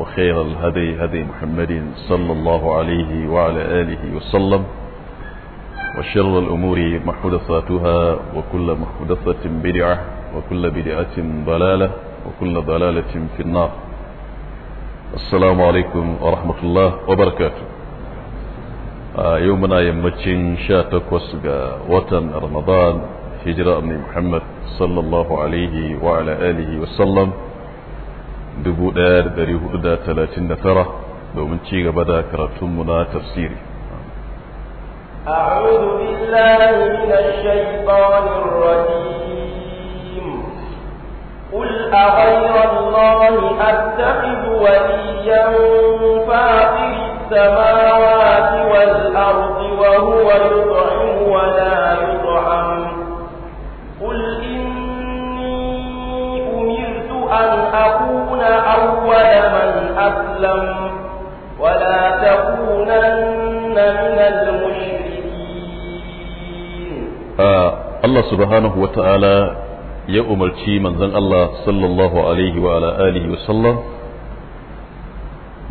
وخير الهدي هدي محمد صلى الله عليه وعلى آله وسلم وشر الأمور محدثاتها وكل محدثة بدعة وكل بدعة ضلالة وكل ضلالة في النار السلام عليكم ورحمة الله وبركاته آه، يومنا يمتشن شاتك وسقى وطن رمضان هجرة من محمد صلى الله عليه وعلى آله وسلم tara domin ci gaba da karatunmu na tafsiri أعوذ بالله من الشيطان الرجيم قل أغير الله أتخذ وليا فاطر السماوات والأرض وهو يطعم ولا يطعم أن أكون أول من أسلم ولا تكونن من المشركين آه الله سبحانه وتعالى ya umarci manzon Allah sallallahu alaihi wa ala alihi wa sallam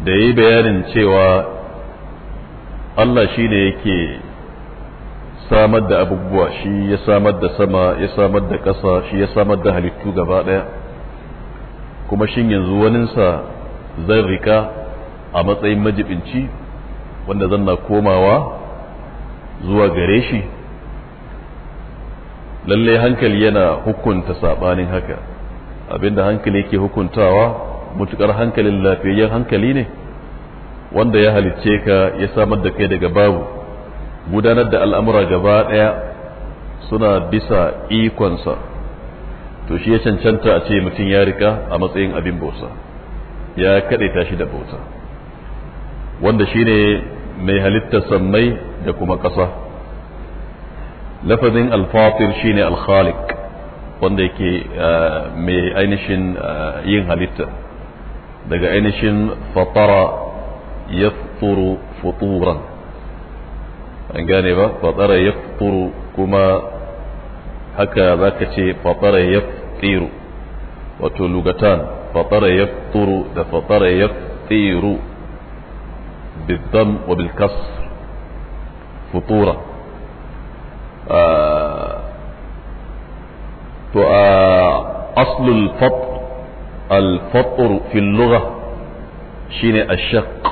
da yi bayanin cewa Allah shi ne yake samar da abubuwa shi ya samar da sama ya samar da ƙasa shi ya samar da halittu gaba ɗaya kuma shin yanzu waninsa zan rika a matsayin majibinci wanda zan na komawa zuwa gare shi lallai hankali yana hukunta saɓanin haka abinda hankali yake hukuntawa mutukar hankalin lafiyayyen hankali ne wanda ya halicce ka ya samar da kai daga babu gudanar da al'amura gaba ɗaya suna bisa ikonsa to shi ya cancanta a ce mutum ya rika a matsayin abin bauta ya kaɗe tashi da bauta wanda shi ne mai halittar sammai da kuma ƙasa lafazin alfafir shi ne alkhalik wanda yake eh, mai ainihin eh, yin halitta daga ainihin fatara ya futuran an gane ba fatara ya kuma haka za ka ce fatara ya tsiru wato lugatan fatara ya turu da fatara ya tsiru بالضم وبالكسر فطورة أصل الفطر الفطر في اللغة شين الشق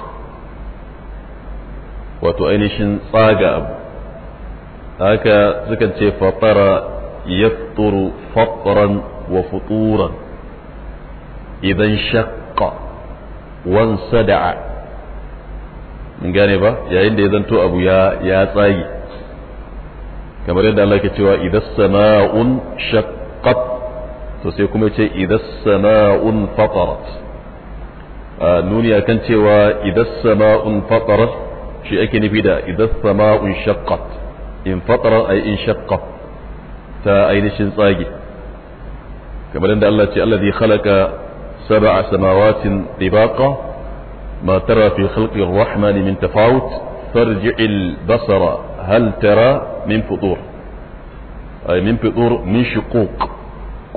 وتؤنشن صاقة هكا سكن فطر يفطر فطرا وفطورا إذا انشق وانصدع من جانبه يا عند إذا أنتو أبو يا يا صاي كما رد الله كتوا إذا السماء انشقت تسيكم إذا السماء انفطرت آه نوني أكن إذا السماء انفطرت شيء أكن في إذا السماء انشقت انفطر أي انشقت ta ainihin tsage kamar da Allah ce allazi khalaqa sab'a samawatin tibaqa ma tara fi khalqi ar-rahman min tafawut farji'il basara hal tara min futur ay min futur min shuquq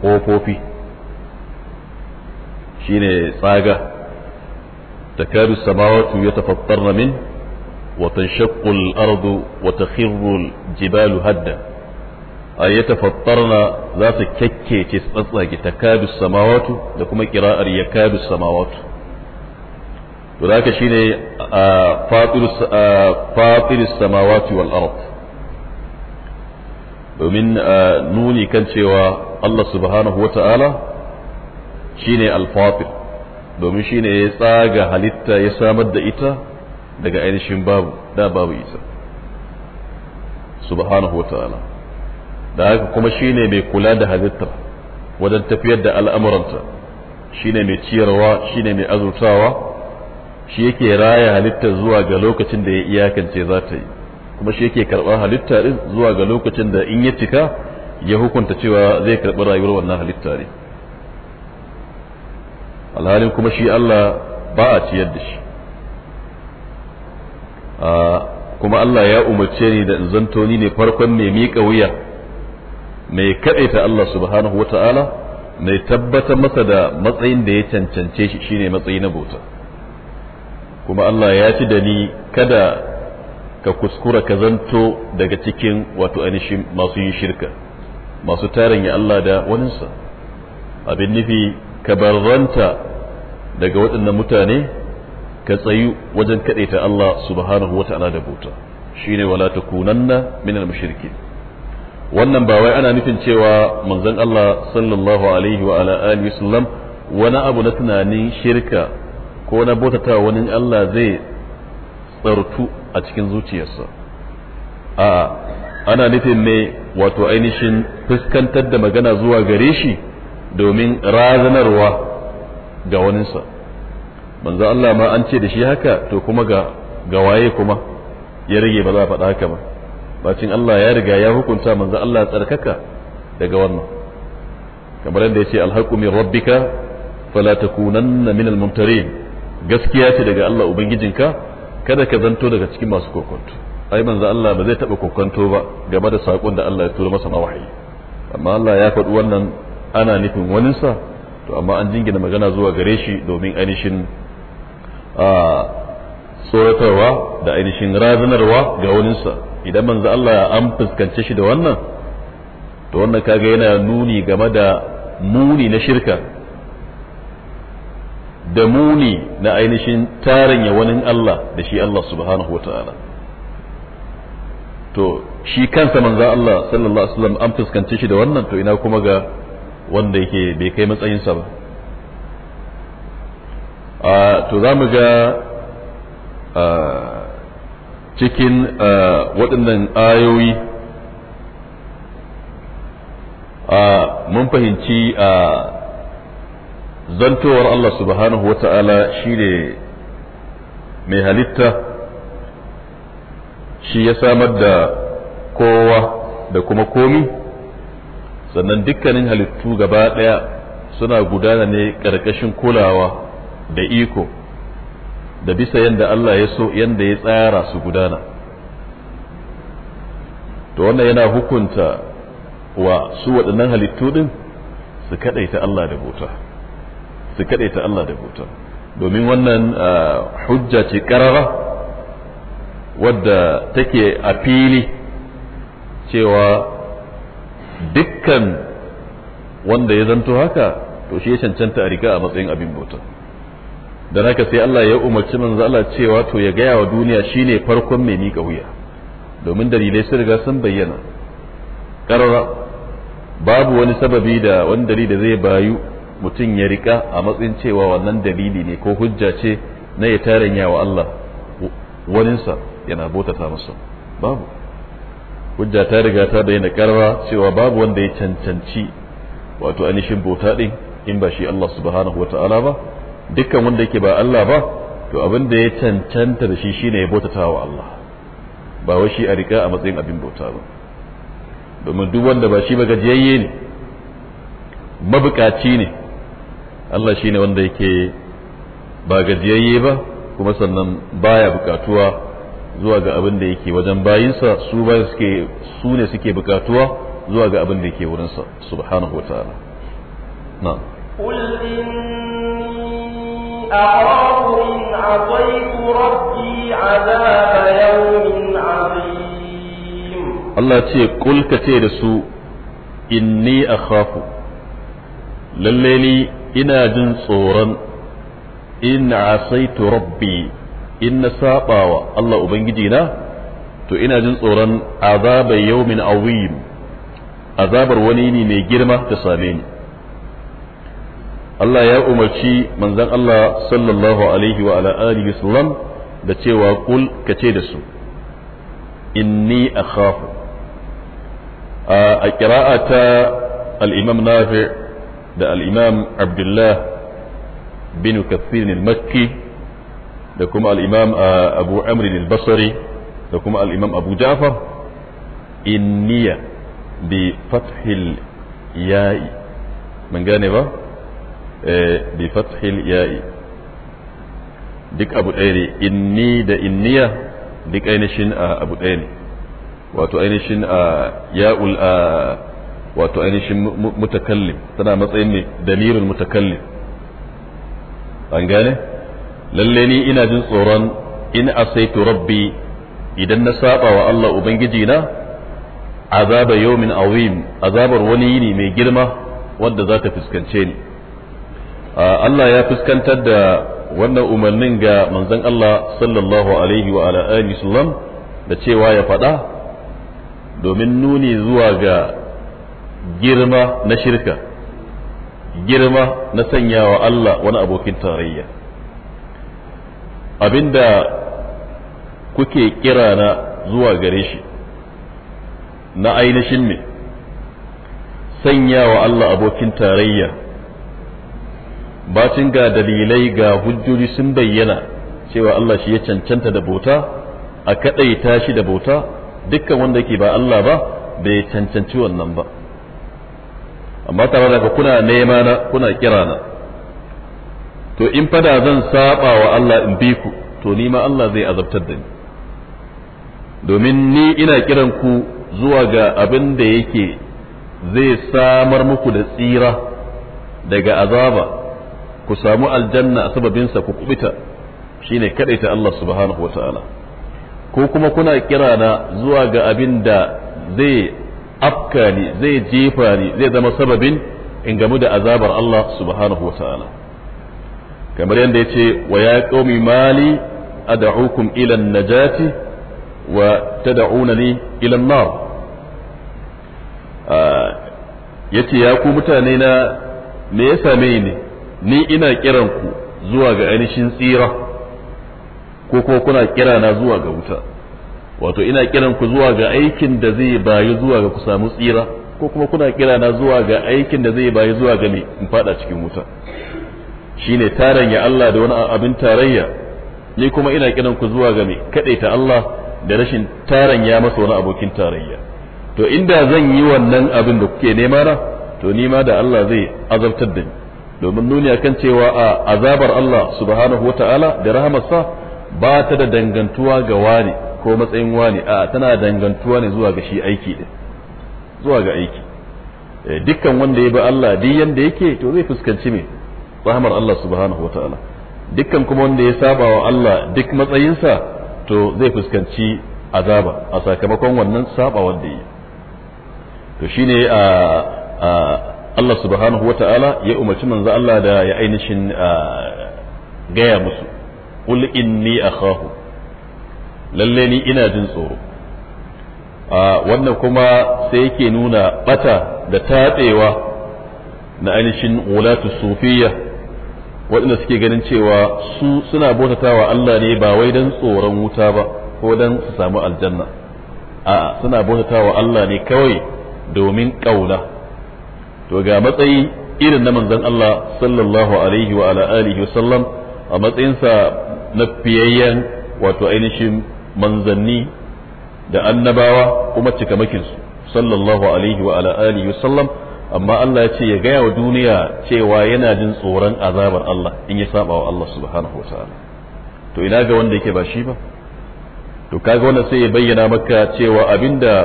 qofofi shine tsaga takadu as-samawati yatafattarna min وتنشق الأرض وتخر الجبال هدًّا a ya tafattarna za su kyakkece tsatsage ta kabis samawatu da kuma kira'ar ya kabis samawatu to da shi ne a fatiris samawati wal arab domin nuni kan cewa Allah subhanahu wa ta'ala shi ne alfatir domin shi ne ya tsaga halitta ya samar da ita daga ainihin babu da babu ita subhanahu wa ta'ala da haka kuma shine mai kula da halittar wajen tafiyar da al'amuranta shine mai ciyarwa shine mai azurtawa shi yake raya halittar zuwa ga lokacin da ya iyakance za ta yi kuma shi yake karɓar halitta din zuwa ga lokacin da in ya cika ya hukunta cewa zai karɓi rayuwar wannan halitta ne alhalin kuma shi Allah ba a ciyar da shi ah, kuma Allah ya umarce ni da in zanto ni ne farkon mai miƙa wuya mai kaɗaita Allah subhanahu wa ta'ala mai tabbatar masa da matsayin da ya cancance shi shine matsayi na bauta kuma Allah ya ci da ni kada ka kuskura ka zanto daga cikin wato ainihin masu yin shirka masu tarin ya Allah da waninsa abin nufi ka barranta daga waɗannan mutane ka tsayu wajen kaɗaita Allah subhanahu wa ta'ala da bauta shine wala takunanna minal mushrikin wannan ba wai ana nufin cewa manzon Allah sallallahu alaihi wa ala alihi sallam wani abu na tunanin shirka ko na bautatawa wani Allah zai tsartu a cikin zuciyarsa a ana nufin ne wato ainihin fuskantar da magana zuwa gare shi domin razanarwa ga waninsa manzo Allah ma an ce da shi haka to kuma ga gawaye kuma ya rage ba za a faɗa haka ba bacin Allah ya riga ya hukunta manzo Allah tsarkaka daga wannan kamar yadda ya ce alhaqu min rabbika fala takunanna min almuntarin gaskiya ce daga Allah ubangijinka kada ka zanto daga cikin masu kokonto ai manzo Allah ba zai taba kokonto ba game da sakon da Allah ya tura masa na wahayi amma Allah ya faɗi wannan ana nufin waninsa to amma an jingina magana zuwa gare shi domin ainihin ah, tsoratarwa da ainihin razanarwa ga waninsa idan manzo Allah an fuskance shi da wannan to wannan kaga yana nuni game da muni na shirka da muni na ainihin tarin yawanin Allah da shi Allah subhanahu wata'ala to shi kansa manzo Allah sallallahu alaihi wasallam an fuskance shi da wannan to ina kuma ga wanda yake bai kai matsayinsa ba to za mu ga cikin waɗannan ayoyi mun fahimci a zantowar Allah subhanahu wa ta'ala shi ne mai halitta shi ya samar da kowa da kuma komi sannan dukkanin halittu gaba ɗaya suna gudana ne ƙarƙashin kulawa da iko da bisa yadda Allah ya so yadda ya tsara su gudana to wannan yana hukunta wa su waɗannan halittu ɗin su kaɗaita Allah da bota su kaɗaita Allah da bota. domin wannan hujja ce ƙarara wadda take a fili cewa dukkan wanda ya zanto haka to shi ya cancanta a riga a matsayin abin bota. da naka sai Allah ya umarci manzo Allah cewa to ya gaya wa duniya shine farkon mai mika wuya domin dalilai sun riga sun bayyana ƙarara babu wani sababi da wani dalili zai bayu mutum ya rika a matsayin cewa wannan dalili ne ko hujja ce na ya taranya wa Allah waninsa yana bautata masa babu hujja ta riga ta daina ƙarara cewa babu wanda ya cancanci wato anishin bauta ɗin in ba shi Allah subhanahu wata'ala ba dukkan wanda yake ba Allah ba to abin da ya cancanta da shi shine ya bautata wa Allah ba wai shi a rika a matsayin abin bauta ba domin duk wanda ba shi ba gajiyayye ne mabukaci ne Allah shine wanda yake ba gajiyayye ba kuma sannan baya bukatuwa zuwa ga abin da yake wajen bayinsa su ba suke su ne suke bukatuwa zuwa ga abin da yake wurinsa subhanahu wataala na'am أعراض عصيت ربي عذاب يوم عظيم الله تي قل كتير سوء إني أخاف لليلي إنا جن صورا إن عصيت ربي إن ساقاوة الله أبنجينا to ina jin tsoron azabar yaumin awim azabar wani ne mai girma ta same ni Allah ya umarci manzon Allah sallallahu alaihi wa ala alihi wasallam da cewa kul kace da su inni akhafu a a ta al-imam nafi da al-imam abdullah bin kathir al-makki da kuma al-imam abu amr al-basri da kuma al-imam abu ja'far inniya bi fathil ya'i mun gane ba Eh, bi fathil ya'i duk abu ɗaya ne inni da inniya duk ainihin ah, abu ɗaya ne wato ainihin ah, ya'ul ah, wato ainihin mutakallim tana matsayin ne damirul mutakallim an gane ni ina jin tsoron in asaitu rabbi idan na saba wa Allah ubangiji na azaba yawmin azim azabar wani yini mai girma wadda za ta fuskance ni Ah, Allah ya fuskantar da wannan umarnin ga manzon Allah sallallahu alaihi wa alihi sallam da cewa ya faɗa domin nuni zuwa ga girma na shirka girma na sanyawa Allah wani abokin tarayya abinda kuke kira zuwa gare shi na ainihin ne sanyawa Allah abokin tarayya bacin ga dalilai ga hujjoji sun bayyana cewa Allah shi ya cancanta da bauta a kadaita shi da bauta dukkan wanda yake ba Allah ba bai cancanci wannan ba amma tare da kuna nema na kuna kira na to in fada zan saba wa Allah in bi ku to ni ma Allah zai azabtar da ni domin ni ina kiran ku zuwa ga abin da yake zai samar muku da tsira daga azaba ku samu aljanna a sababinsa ku kubita shine kadaita Allah subhanahu wa ta'ala ko kuma kuna kira na zuwa ga abin da zai afka ni zai jefa ni zai zama sababin in gamu da azabar Allah subhanahu wa ta'ala kamar yadda ya ce wa ya qaumi mali ad'ukum ila najati wa tad'unani ila an-nar ah, yace ya ku mutane na me ya same ni ni ina kiran ku zuwa ga ainihin tsira ko kuma kuna kira na zuwa ga wuta wato ina kiran ku zuwa ga aikin da zai bayi zuwa ga ku samu tsira ko kuma kuna kira na zuwa ga aikin da zai bayi zuwa ga ni in fada cikin wuta shine ya Allah da wani abin tarayya ni kuma ina kiran ku zuwa ga me kadaita Allah da rashin ya masa wani abokin tarayya to inda zan yi wannan abin da kuke nema na to ni ma da Allah zai azabtar da ni domin nuni akan cewa a azabar Allah subhanahu wata'ala da rahamarsa ba ta da dangantuwa ga wani ko matsayin wani a tana dangantuwa ne zuwa ga shi aiki din zuwa ga aiki eh, dukkan wanda ya bi Allah duk yanda yake to zai fuskanci me rahamar Allah subhanahu wata'ala dukkan kuma wanda ya saba wa Allah duk matsayinsa to zai fuskanci azaba a sakamakon wannan saba wanda yi to shine a Allah subhanahu wata'ala ya umarci manzo Allah da ya ainihin ah, gaya musu qul inni akhahu lalle ni ina jin tsoro ah, wannan kuma sai yake nuna bata da tatsewa na ainihin wulatu sufiyya waɗanda suke ganin cewa su suna bautatawa Allah ne ba wai don tsoron wuta ba ko don su samu aljanna a suna bautatawa Allah ne kawai domin ƙauna to ga matsayi irin na manzon Allah sallallahu alaihi wa ala alihi wa sallam a matsayinsa na fiyayyen wato ainihin manzanni da annabawa kuma su sallallahu alaihi wa ala alihi wa sallam amma Allah ya ce ya gaya wa duniya cewa yana jin tsoron azabar Allah in ya saba wa Allah subhanahu wa ta'ala to ina ga wanda yake ba shi ba to kaga wannan sai ya bayyana maka cewa abinda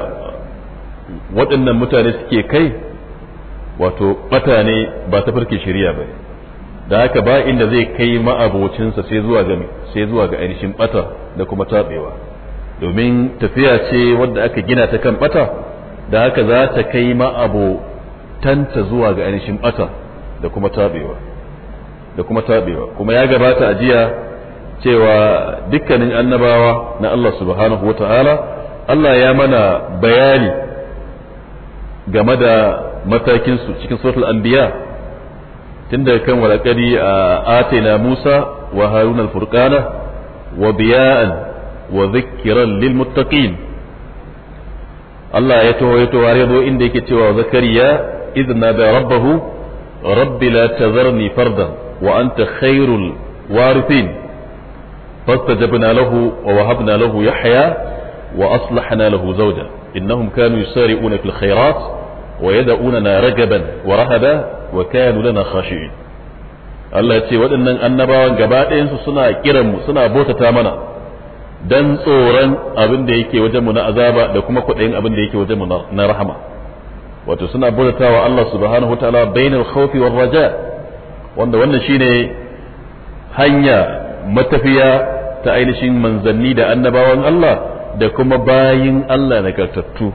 waɗannan mutane suke kai wato bata ne ba ta farke shari'a ba da haka ba inda zai kai ma'abocinsa sai zuwa ga sai zuwa ga ainihin bata da kuma tabewa domin tafiya ce wadda aka gina ta kan bata da haka za ta kai ma'abotanta zuwa ga ainihin bata da kuma tabewa da kuma tabewa kuma ya gabata a jiya cewa dukkanin annabawa na Allah subhanahu wa ta'ala Allah ya mana bayani game da matakin su cikin suratul anbiya tunda kan walakari a atina musa wa haruna al wa biya'an wa dhikran lil muttaqin Allah ya taho ya taho har yazo inda yake cewa zakariya idna da rabbahu rabbi la tazarni fardan wa anta khairul warithin فاستجبنا له ووهبنا له يحيى وأصلحنا له زوجة إنهم كانوا يسارعون في الخيرات na wa ويدعوننا رجبا ورهبا وكانوا na خاشعين Allah ya ce waɗannan annabawan gaba ɗayansu suna kiranmu suna bautata mana dan tsoron abin da yake wajenmu na azaba da kuma kuɗin abin da yake wajenmu na rahama wato suna bautatawa Allah subhanahu Bainar bainal khawfi war raja wanda wannan shine hanya matafiya ta ainihin manzanni da annabawan Allah da kuma bayin Allah nagartattu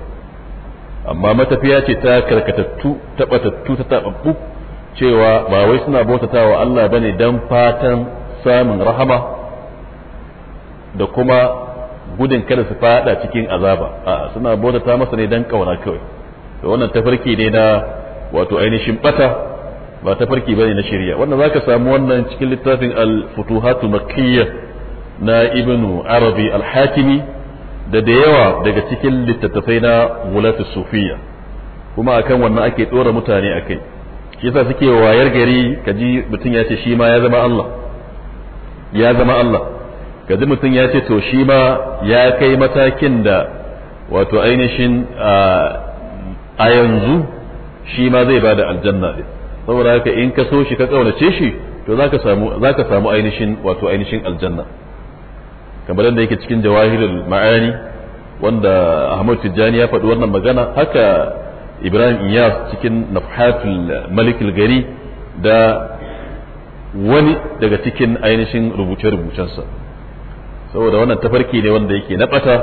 amma matafiya ce ta karkatattu ta batattu ta tababbu cewa ba wai suna bautatawa Allah bane dan fatan samun rahama da kuma gudun kada su fada cikin azaba a suna bautata masa ne dan kauna kawai to wannan tafarki ne na wato ainihin bata ba tafarki bane na shari'a wannan zaka samu wannan cikin littafin al-futuhatul makkiyya na ibnu arabi al-hakimi da da yawa daga cikin littattafai na wulatu sufiya kuma akan wannan ake ɗora mutane a kai shi yasa suke wayar gari ka ji mutum ya ce shi ma ya zama Allah ya zama Allah ka ji mutum ya ce to shi ma ya kai matakin da wato ainihin a yanzu shi ma zai bada aljanna ne saboda haka in ka so shi ka kaunace shi to zaka samu zaka samu ainihin wato ainihin aljanna kamar yadda yake cikin jawahirul ma'ani wanda ahmad tijjani ya faɗi wannan magana haka ibrahim iyas cikin nafhatul malikul gari da wani daga cikin ainihin rubuce-rubucensa saboda wannan tafarki ne wanda yake na bata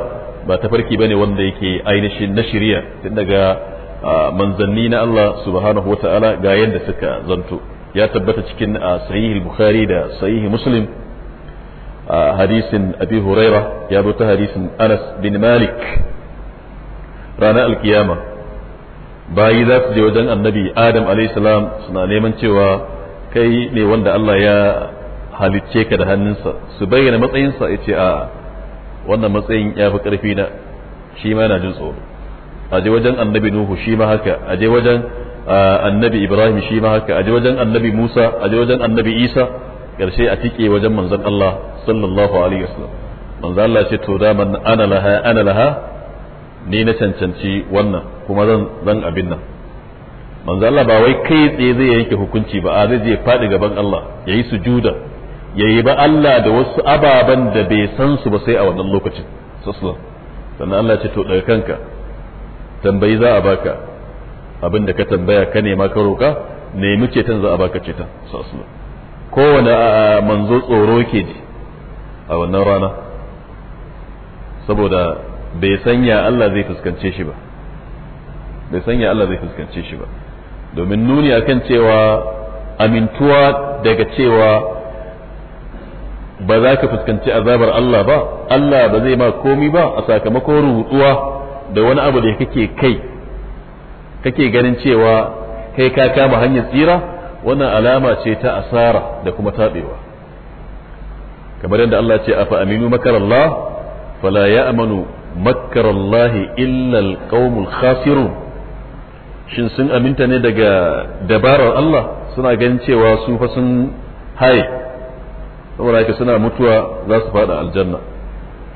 ba tafarki ba ne wanda yake ainihin na shirya tun daga manzanni na Allah subhanahu wa ta'ala ga yadda suka zanto ya tabbata cikin sahihul bukhari da sahihi muslim A hadisin abi huraira ya zo ta hadisin anas bin malik ranar alkiyama bayi za su je wajen annabi adam salam suna neman cewa kai ne wanda allah ya halicce ka da hannunsa su bayyana matsayinsa ya ce a wannan matsayin ya fi ƙarfi na shi ma yana jin tsoro wajen annabi nuhu shi haka a wajen annabi ibrahim shi ma haka a wajen annabi musa a wajen annabi isa karshe a tike wajen manzon Allah sallallahu alaihi wasallam manzon Allah ce to da ana laha ana laha ni na cancanci wannan kuma zan zan abin nan manzon Allah ba wai kai tsaye zai yanke hukunci ba a zai je faɗi gaban Allah ya yayi sujuda yayi ba Allah da wasu ababen da bai san su ba sai a wannan lokacin sallallahu sannan Allah ce to daga kanka tambayi za a baka abin da ka tambaya ka nema ka roka nemi ceton za a baka ceton sallallahu kowane ah, ah, manzo tsoro ke ji a wannan rana saboda bai sanya Allah zai fuskance shi ba bai sanya Allah zai fuskance shi ba domin nuni akan cewa amintuwa daga cewa ba za ka fuskanci azabar Allah ba Allah ba zai ma komi ba a sakamakon rubutuwa da wani abu da kake kai kake ganin cewa kai ka kama hanyar tsira wannan alama ce ta asara da kuma taɓewa. kamar yadda Allah ce afa aminu makarallah fala ya'manu makarallahi illal alqaumul khasirun shin sun aminta ne daga dabarar Allah suna ganin cewa su fa sun haye saboda haka suna mutuwa za su fada aljanna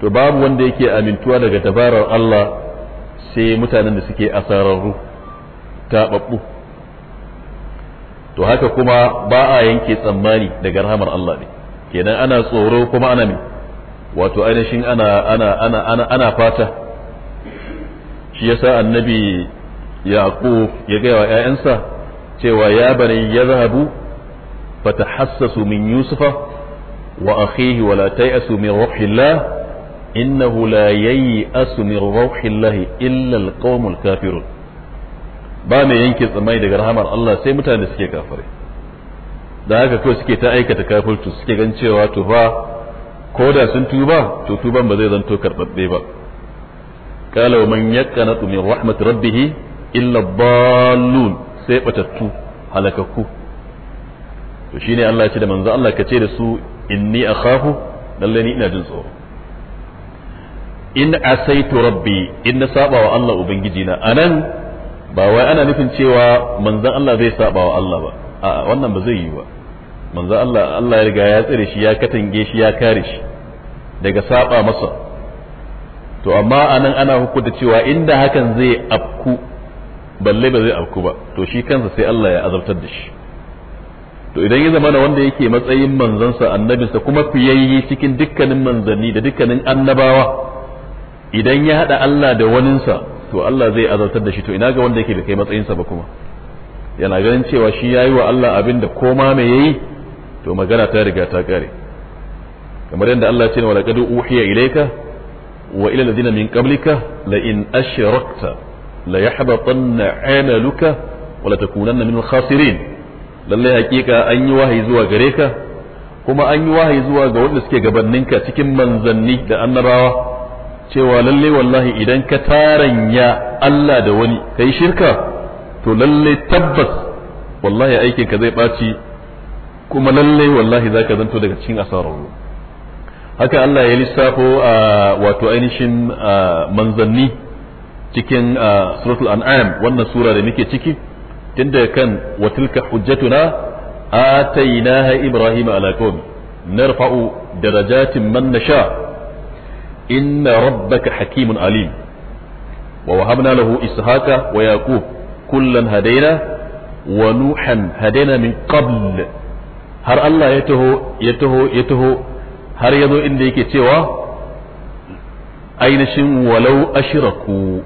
to babu wanda yake amintuwa daga dabarar Allah sai mutanen da suke asararru taɓaɓɓu to haka kuma ba a yanke tsammani daga rahamar Allah ne kenan ana tsoro kuma ana ne wato ainihin ana ana ana ana ana fata shi yasa annabi yaqub ya gaya wa cewa ya bani yadhhabu fatahassasu min yusufa wa akhihi wa la ta'asu min ruhillah innahu la yay'asu min ruhillah illa alqawmul kafirun ba mai yanke tsammani daga rahamar Allah sai mutane suke kafirai da haka kawai suke ta aikata kafirtu suke gan cewa to fa ko da sun tuba to tuban ba zai zanto karɓaɓɓe ba qala wa man yaqanatu min rahmat rabbih illa dallun sai batattu halakakku to shine Allah ya ce da manzo Allah ka ce da su inni akhafu lalle ni ina jin tsoro in asaitu rabbi in na saba wa Allah ubangiji na anan ba wai ana nufin cewa manzan Allah zai saba wa Allah ba a wannan ba zai yi ba manzan Allah Allah ya riga ya tsire shi ya katange shi ya kare shi daga saba masa to amma anan ana hukunta cewa inda hakan zai afku balle ba zai afku ba to shi kansa sai Allah ya azabtar da shi to idan ya zama wanda yake matsayin manzansa annabinsa kuma fiyayyi cikin dukkanin manzanni da dukkanin annabawa idan ya haɗa Allah da waninsa to Allah zai azartar da shi to ina ga wanda yake da kai matsayinsa ba kuma yana ganin cewa shi ya yi wa Allah abin da koma mai yayi to magana ta riga ta kare kamar yadda Allah ce wala qad uhiya ilayka wa ila alladhina min qablika la in ashrakta la yahbatanna 'amaluka wa la takunanna min khasirin lalle hakika an yi wahayi zuwa gare ka kuma an yi wahayi zuwa ga wanda suke ka cikin manzanni da annabawa cewa lalle wallahi idan ka taranya Allah da wani kai shirka to lalle tabbas wallahi aikin ka zai ɓaci kuma lalle wallahi zaka zanto daga cikin asarar. haka Allah ya lissafo a wato ainihin manzanni cikin suratul an'am wannan sura da muke ciki tunda kan watilka hujjatuna atainaha ibrahima ala qaumi narfa'u darajatin man nasha' inna rabbaka hakimun Ali. wa wahabna lahu ishaqa wa yaqub kullan hadaina wa nuhan hadaina min qabl har Allah ya taho ya taho ya taho har yazo inda yake cewa ainihin walau ashraku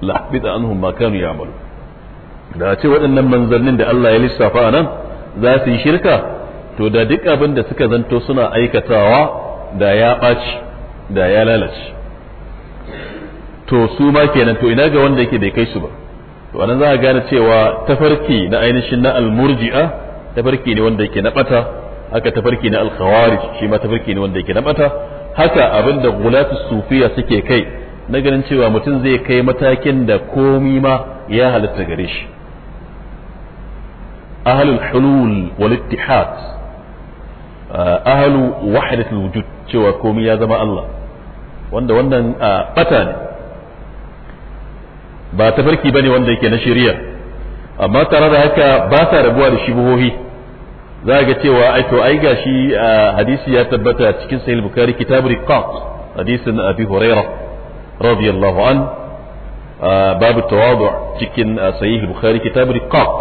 la bida anhum ma kanu ya'malu da ce waɗannan manzannin da Allah ya lissafa a nan za su yi shirka to da duk abin da suka zanto suna aikatawa da ya ɓaci da ya lalace to su ma kenan to ina ga wanda yake bai kai su ba to anan za a gane cewa tafarki na ainihin na almurji'a tafarki ne wanda yake na haka tafarki na alkhawarij shi ma tafarki ne wanda yake na haka abinda gulatu sufiya suke kai na ganin cewa mutum zai kai matakin da komi ma ya halatta gare shi ahlul hulul wal ittihad ah, ahlu wahdatul wujud cewa komi ya zama Allah wanda wannan bata ne ba tafarki bane wanda yake na shari'a amma tare da haka ba sa rabuwa da shubuhohi za ga cewa ai to ai gashi hadisi ya tabbata cikin sahih bukhari kitab riqaq hadisin abi hurairah radiyallahu an babu tawadu cikin sahih bukhari kitab riqaq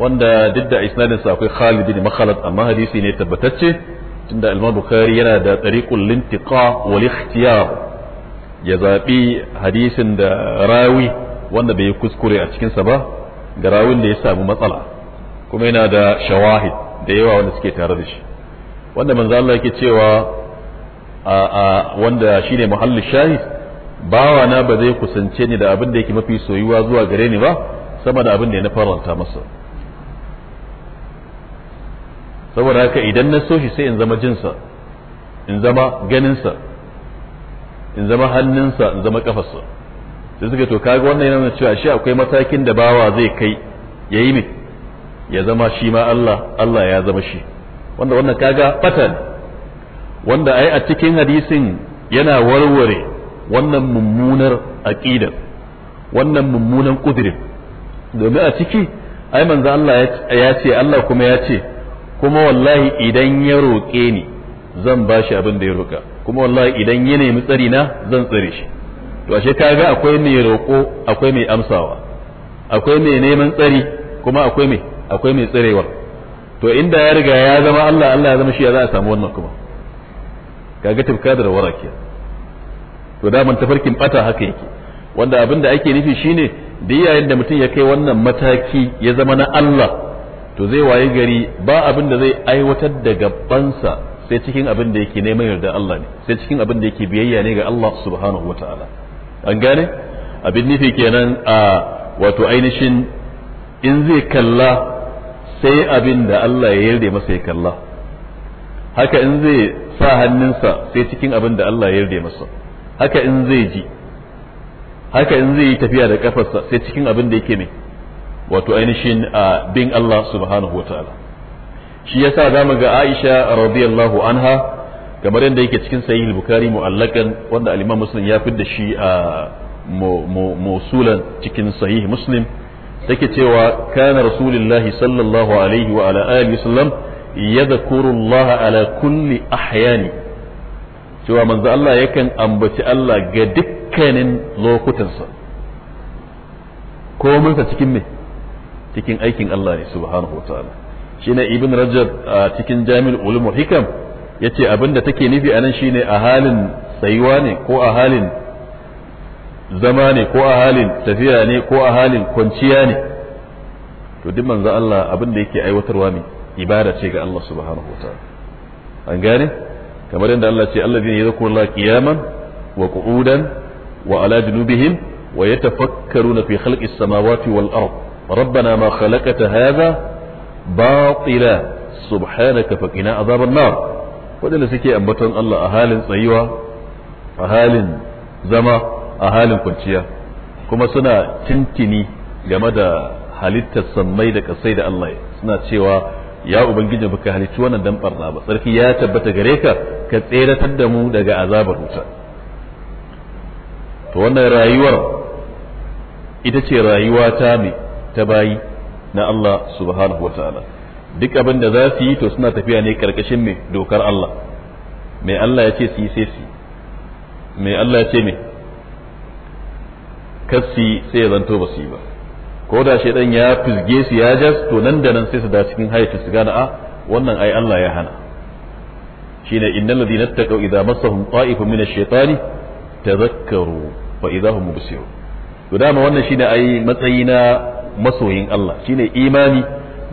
wanda duk da isnadin sa akwai Khalid bin Makhalad amma hadisi ne tabbatacce tunda al bukhari yana da tariqul lintiqa wal ikhtiyar ya zabi hadisin da rawi wanda bai kuskure a cikinsa ba da rawin da ya samu matsala kuma yana da shawahid da yawa wanda suke tare da shi wanda manzo Allah yake cewa wanda shine muhalli shahid bawa na ba zai kusance ni da abin da yake mafi soyuwa zuwa gare ni ba sama da abin da ya na faranta masa saboda haka idan na so shi sai in zama jinsa in zama ganinsa in zama hannunsa in zama kafarsa sai suka to kaga wannan yana cewa shi akwai matakin da bawa zai kai ya yi min ya zama shi ma Allah Allah ya zama shi wanda wannan kaga batan wanda ai a cikin hadisin yana warware wannan mummunar aqidar wannan mummunan kudirin domin a ciki ai manzo Allah ya ce Allah kuma ya ce kuma wallahi idan ya roƙe ni zan ba shi abin da ya roƙa kuma wallahi idan ya nemi tsari na zan tsare shi to ashe ga akwai mai roƙo akwai mai amsawa akwai mai neman tsari kuma akwai mai akwai mai tsarewa to inda ya riga ya zama Allah Allah ya zama shi ya za a samu wannan kuma kaga tafka da rawara ke to da mun tafarkin bata haka yake wanda abin da ake nufi shine da yayin da mutum ya kai wannan mataki ya zama na Allah to zai waye gari ba abin da zai aiwatar da gabansa sai cikin abin da yake neman yarda Allah ne sai cikin abin da yake biyayya ne ga Allah subhanahu wataala an gane abin nufi kenan a wato ainihin in zai kalla sai abin da Allah ya yarda masa ya kalla haka in zai sa hannunsa sai cikin abin da Allah ya yarda masa haka in zai ji haka in zai yi tafiya da kafarsa sai cikin abin da yake mai wato ainihin a bin Allah subhanahu wa ta'ala shi yasa za mu ga Aisha radiyallahu anha kamar yadda yake cikin sahih bukhari mu'allakan wanda al-Imam Muslim ya fidda shi a musulan cikin sahih Muslim take cewa kana rasulullahi sallallahu alaihi wa ala alihi wasallam yadhkuru Allah ala kulli ahyani cewa manzo Allah yakan ambaci Allah ga dukkanin lokutansa ko mun cikin me cikin aikin Allah ne subhanahu Shi shine ibn rajab a cikin jami'ul ulum hikam yace abinda take nufi anan shine a halin tsayuwa ne ko a halin zama ne ko a halin tafiya ne ko a halin kwanciya ne to duk manzo Allah abin abinda yake aiwatarwa ne ibada ce ga Allah subhanahu wataala an gane kamar yadda Allah ce alladhina yadhkuruna qiyaman wa qu'udan wa ala junubihim ويتفكرون في خلق wal والأرض ربنا ما خلقت هذا باطلا سبحانك فقنا عذاب النار waɗanda suke ambaton Allah a halin tsayuwa a halin zama a halin kwanciya kuma suna tintini game da halittar sammai da kasai da Allah suna cewa ya ubangiji baka halicci wannan dan barna ba sarki ya tabbata gare ka ka tseratar da mu daga azabar wuta to wannan rayuwar ita ce rayuwa ta mai ta bayi na Allah subhanahu wataala duk abin da za su yi to suna tafiya ne karkashin mai dokar Allah mai Allah ya ce su yi sai su mai Allah ya ce mai kasi sai ya zanto ba su yi ba ko da shaidan ya fizge su ya jas to nan da nan sai su da cikin hayyacin su gane a wannan ai Allah ya hana shine innal ladina taqaw idza massahum ta'ifun min ash-shaytani tadhakkaru fa idza hum mubsirun to dama wannan shine ai matsayi na masoyin Allah shine imani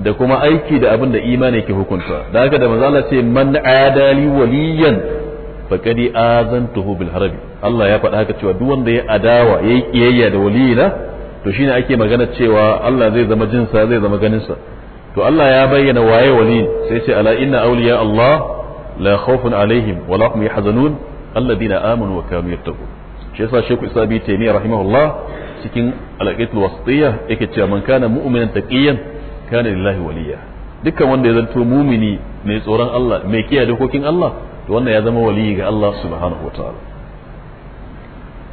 da kuma aiki da abin da imani ke hukunta da haka da manzo Allah ce man adali waliyan faqad azantuhu bil harbi Allah ya faɗa haka cewa duk wanda ya adawa yayi kiyayya da waliyina to shine ake magana cewa Allah zai zama jinsa zai zama ganinsa to Allah ya bayyana waye wali sai ce ala inna awliya Allah la khawfun alaihim wa la hum yahzanun alladina amanu wa kanu yattaqun shi yasa Sheikh Isa bi Taymiyyah rahimahullah cikin alaqatul wasitiyya yake cewa man kana mu'minan taqiyan kana lillahi waliya dukkan wanda ya zanto mumini mai tsoron Allah mai kiyaye dokokin Allah to wannan ya zama waliyi ga Allah subhanahu wataala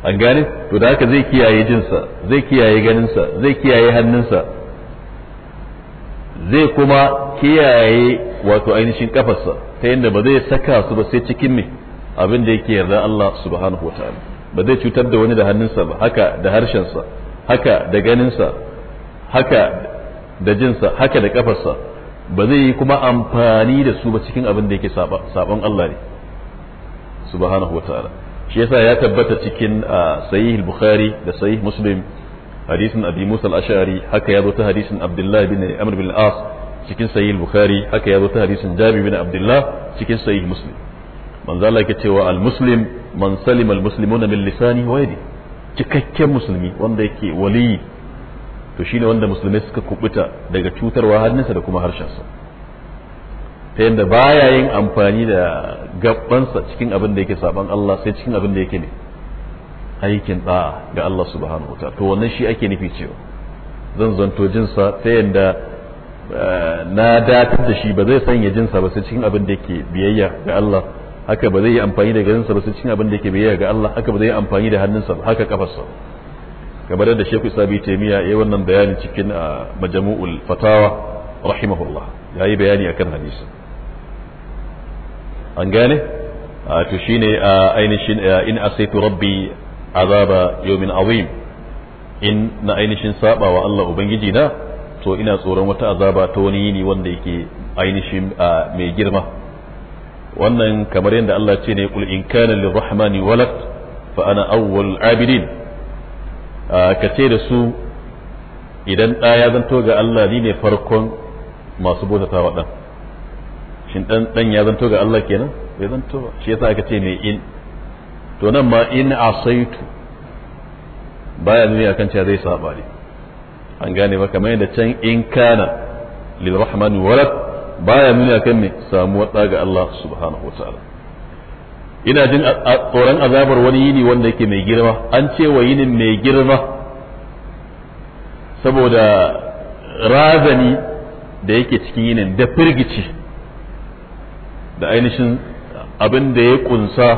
an gane to da haka zai kiyaye jinsa zai kiyaye ganinsa zai kiyaye hannunsa zai kuma kiyaye wato ainihin kafarsa ta yadda ba zai saka su ba sai cikin ne abin da yake yarda Allah subhanahu wataala ba zai cutar da wani da hannunsa ba haka da harshensa haka da ganinsa haka da jinsa haka da kafarsa ba zai yi kuma amfani da su ba cikin abin da yake sabon Allah ne subhanahu wa ta'ala shi yasa ya tabbata cikin ah, sahih bukhari da sahih muslim hadisin abi musa al-ash'ari haka ya zo ta hadisin abdullah bin amr bin al-as cikin sahih bukhari haka ya zo ta hadisin jabir bin abdullah cikin sahih muslim manzo Allah yake cewa al-muslim man salima al-muslimuna min lisani wa yadi cikakken musulmi wanda yake waliyi to shine wanda musulmai suka kubuta daga cutarwa hannunsa da kuma harshensa ta yadda baya yin amfani da gabansa cikin abin da yake saban Allah sai cikin abin da yake ne aikin ɗa'a ga Allah subhanahu wa to wannan shi ake nufi cewa zan zanto jinsa ta yadda eh, na datar da shi ba zai sanya jinsa ba sai cikin abin da yake biyayya ga Allah haka ba zai yi amfani da garinsa ba sai cin abin da yake biyayya ga Allah haka ba zai yi amfani da hannunsa ba haka kafarsa kamar da Sheikh Isa bi Taymiya yayi wannan bayani cikin ah, Majmu'ul Fatawa rahimahullah yayi bayani akan hadisi an gane ah, to shine ah, ainihin in asaitu rabbi azaba yawmin azim in na ainihin saba wa Allah ubangiji na to ina tsoron wata azaba ta wani yini wanda yake ainihin mai girma wannan kamar yadda Allah ce ne kul in kana lirrahmani walad fa ana awwal abidin ka ce da su idan ɗa ya zanto ga Allah ni ne farkon masu bautata wa ɗan shin dan ɗan ya zanto ga Allah kenan bai zanto ba shi yasa aka ce mai in to nan ma in asaitu baya nuni akan cewa zai saba ne an gane ba kamar yadda can in kana lirrahmani walad baya nuna akan ne samuwar ɗa ga Allah subhanahu wa ta'ala ina jin tsoron azabar wani yini wanda yake mai girma an ce wa yinin mai girma saboda razani da yake cikin yinin da firgici da ainihin abin da ya kunsa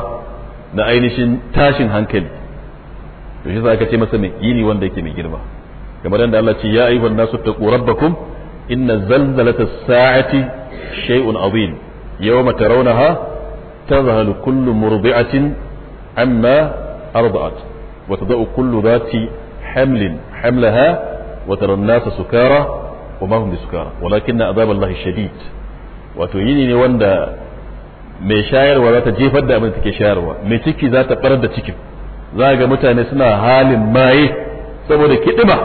na ainihin tashin hankali to shi za ka ce masa ne yini wanda yake mai girma kamar yadda Allah ce ya ayyuhan nasu taqu rabbakum inna zalzalata sa'ati shay'un azim yawma raunaha. tazhalu kullu murdi'atin amma arda'at wa tada'u kullu dhati hamlin hamlaha wa tara an-nasa sukara wa ma hum bisukara walakinna adhab Allah shadid wato yini ne wanda mai shayarwa za ta jefar da abin take shayarwa mai ciki za ta barar da cikin za ga mutane suna halin maye saboda kiɗima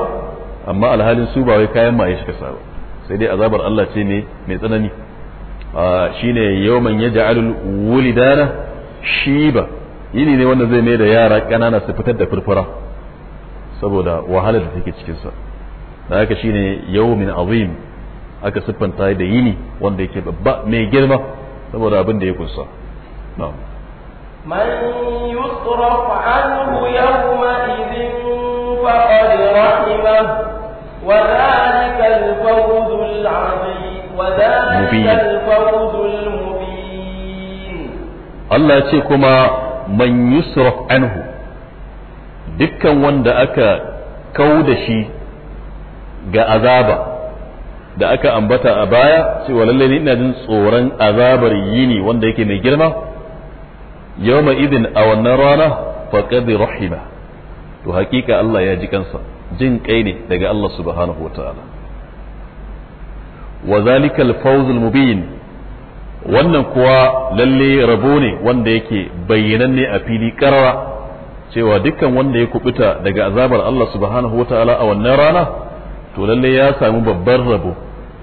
amma alhalin su ba wai kayan maye suka sa ba sai dai azabar Allah ce ne mai tsanani shine ya yaj'alul wulidana shiba yini ne wanda zai mai da yara kanana su fitar da furfura saboda wahalar da take cikin sa da haka shine yawmin azim aka siffanta da yini wanda yake babba mai girma saboda abin da ya kunsa na'am man yusraf anhu yawma idin وذلك الفوز العظيم وذلك الفوز المبين الله يتيكما من يصرف عنه dukkan wanda aka kau da shi ga azaba da aka ambata a baya cewa lallai ne ina jin tsoron azabar yini wanda yake mai girma yawma idin a wannan rana faqad rahima to hakika Allah ya ji kansa jin kai ne daga Allah subhanahu wa ta'ala wa zalika fawzul mubin wannan kuwa lalle rabo ne wanda yake bayyananne a fili karara cewa dukkan wanda ya kubuta daga azabar Allah subhanahu wa ta'ala a wannan rana to lalle ya sami babban rabo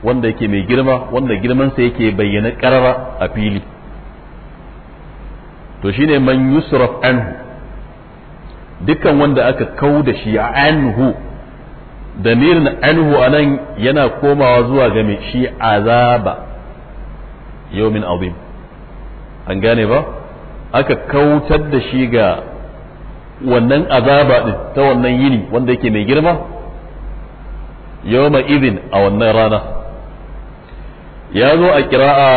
wanda yake mai girma wanda girmansa yake bayyana karara a fili to shine man yusraf anhu dukkan wanda aka kau da shi anhu damirin anhu nan yana komawa zuwa ga mai shi azaba yawmin azim an gane ba aka kautar da shi ga wannan azaba din ta wannan yini wanda yake mai girma yawma izin a wannan rana ya zo a kira'a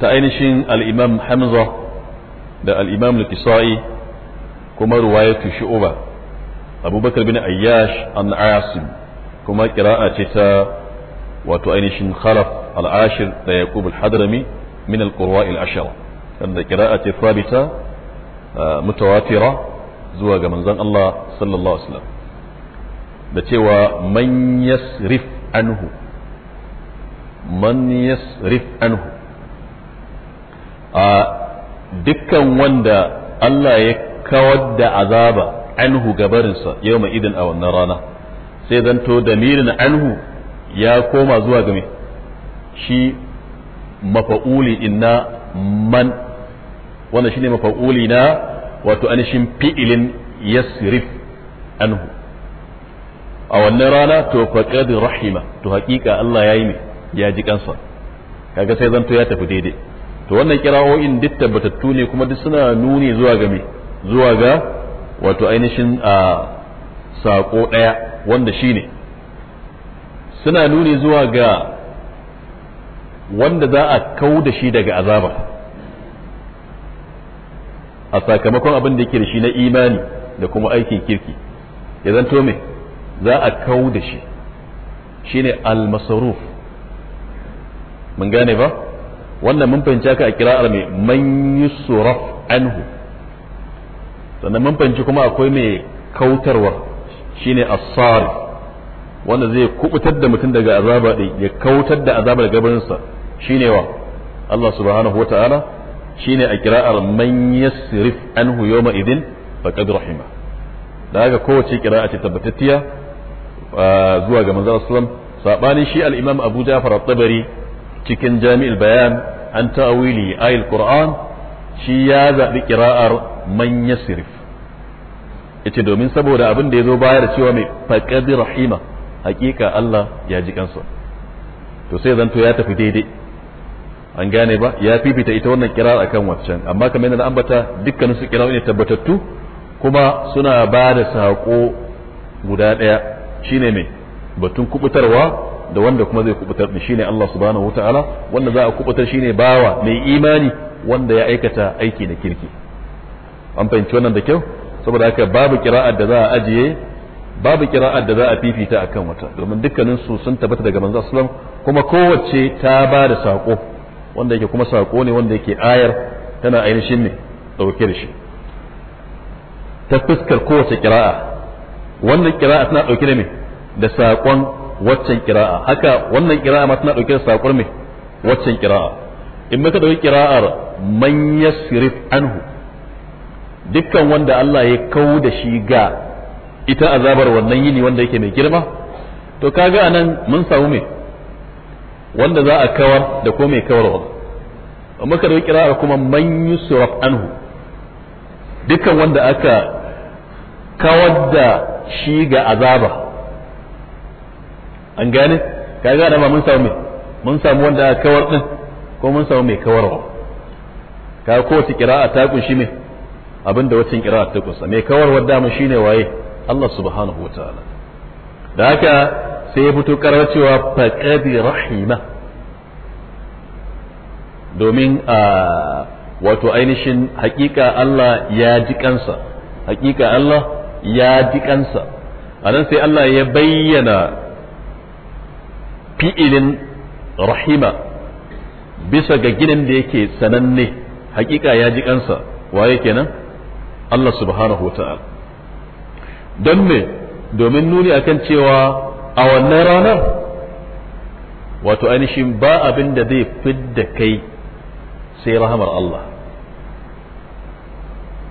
ta ainihin al'imam hamza da al'imam lukisa'i kuma ruwayatu shu'ba abubakar bin ayyash an asim kuma kira'a ce ta wato ainihin khalaf al-ashir da yaqub al-hadrami min al-qurra al-ashara wanda kira'a ce sabita ah, mutawatira zuwa ga manzon Allah sallallahu alaihi wasallam da cewa man yasrif anhu man yasrif anhu a ah, dukkan wanda Allah ya kawar da azaba anhu gabarinsa yau mai idin a wannan rana sai zanto damirin anhu ya koma zuwa game shi mafa'uli inna man wannan shine mafa'uli na wato anishin fi'ilin yasrif anhu a wannan rana to faqad rahima to haƙiƙa Allah yayi ne ya ji kansa kaga sai zanto ya tafi daidai to wannan kira'o'in duk tabbatattu ne kuma duk suna nuni zuwa game. zuwa ga wato ainihin a saƙo ɗaya wanda shi ne suna nuni zuwa ga wanda za a kau da shi daga azaba a sakamakon abin da yake da shi na imani da kuma aikin kirki ya zanto me za a kau da shi shine al-masaruf mun gane ba wannan mun fahimci ka a kira mai man suraf anhu sannan mun fahimci kuma akwai mai kautarwa shine asar wanda zai kubutar da mutum daga azaba din ya kautar da azaba daga gabarinsa shine wa Allah subhanahu wa ta'ala shine a kira'ar man yasrif anhu yawma idin faqad rahima da haka kowace kira'a ce tabbatacciya zuwa ga manzon sallam sabani shi al-imam Abu Ja'far at-Tabari cikin Jami'ul Bayan an ta'awili ayil Qur'an shi ya zabi kira'ar man yasrif yace domin saboda abin da ya zo baya da cewa mai faqad rahima hakika Allah ya ji kansa to sai zanto ya tafi daidai an gane ba ya fifita ita wannan kirar akan waccan amma kamar yadda ambata dukkanin su ne tabbatattu kuma suna ba da saƙo guda ɗaya shine mai batun kubutarwa da wanda kuma zai kubutar da shine Allah subhanahu wataala wanda za a kubutar shine bawa mai imani wanda ya aikata aiki na kirki an fahimci wannan da kyau saboda haka babu kira'a da za a ajiye babu kira'a da za a fifita akan wata domin dukkanin su sun tabbata daga manzo sallam kuma kowace ta ba da sako wanda yake kuma saƙo ne wanda yake ayar tana ainihin ne dauke da shi ta fuskar kowace kira'a wannan kira'a tana dauke da me da saƙon waccan kira'a haka wannan kira'a ma tana dauke da sakon me waccan kira'a in muka dauki kira'ar man yasrif anhu dukkan wanda Allah ya kawo da shi ga ita azabar wannan yini wanda yake mai girma to kaga anan mun samu me wanda za a kawar da ko mai kawar wa muka da kira'ar kuma man yusraf anhu dukkan wanda aka kawar da shi ga azaba an gane kaga da ba mun samu me mun samu wanda aka kawar din ko mun samu mai kawar wa kaga kowace kira'a ta kunshi ne. Abin da wacin kira ta kusa mai kawarwar dama shine waye Allah subhanahu wa ta'ala da haka sai ya fito karar cewa faqadi rahima domin a wato ainihin hakika Allah ya ji kansa hakika Allah ya ji kansa a nan sai Allah ya bayyana fi'ilin rahima bisa ga ginin da yake sananne hakika ya ji kansa waye kenan Allah subhanahu wata'ala don me domin nuni akan cewa a wannan ranar wato ainihin ba abin da zai fidda kai sai rahamar Allah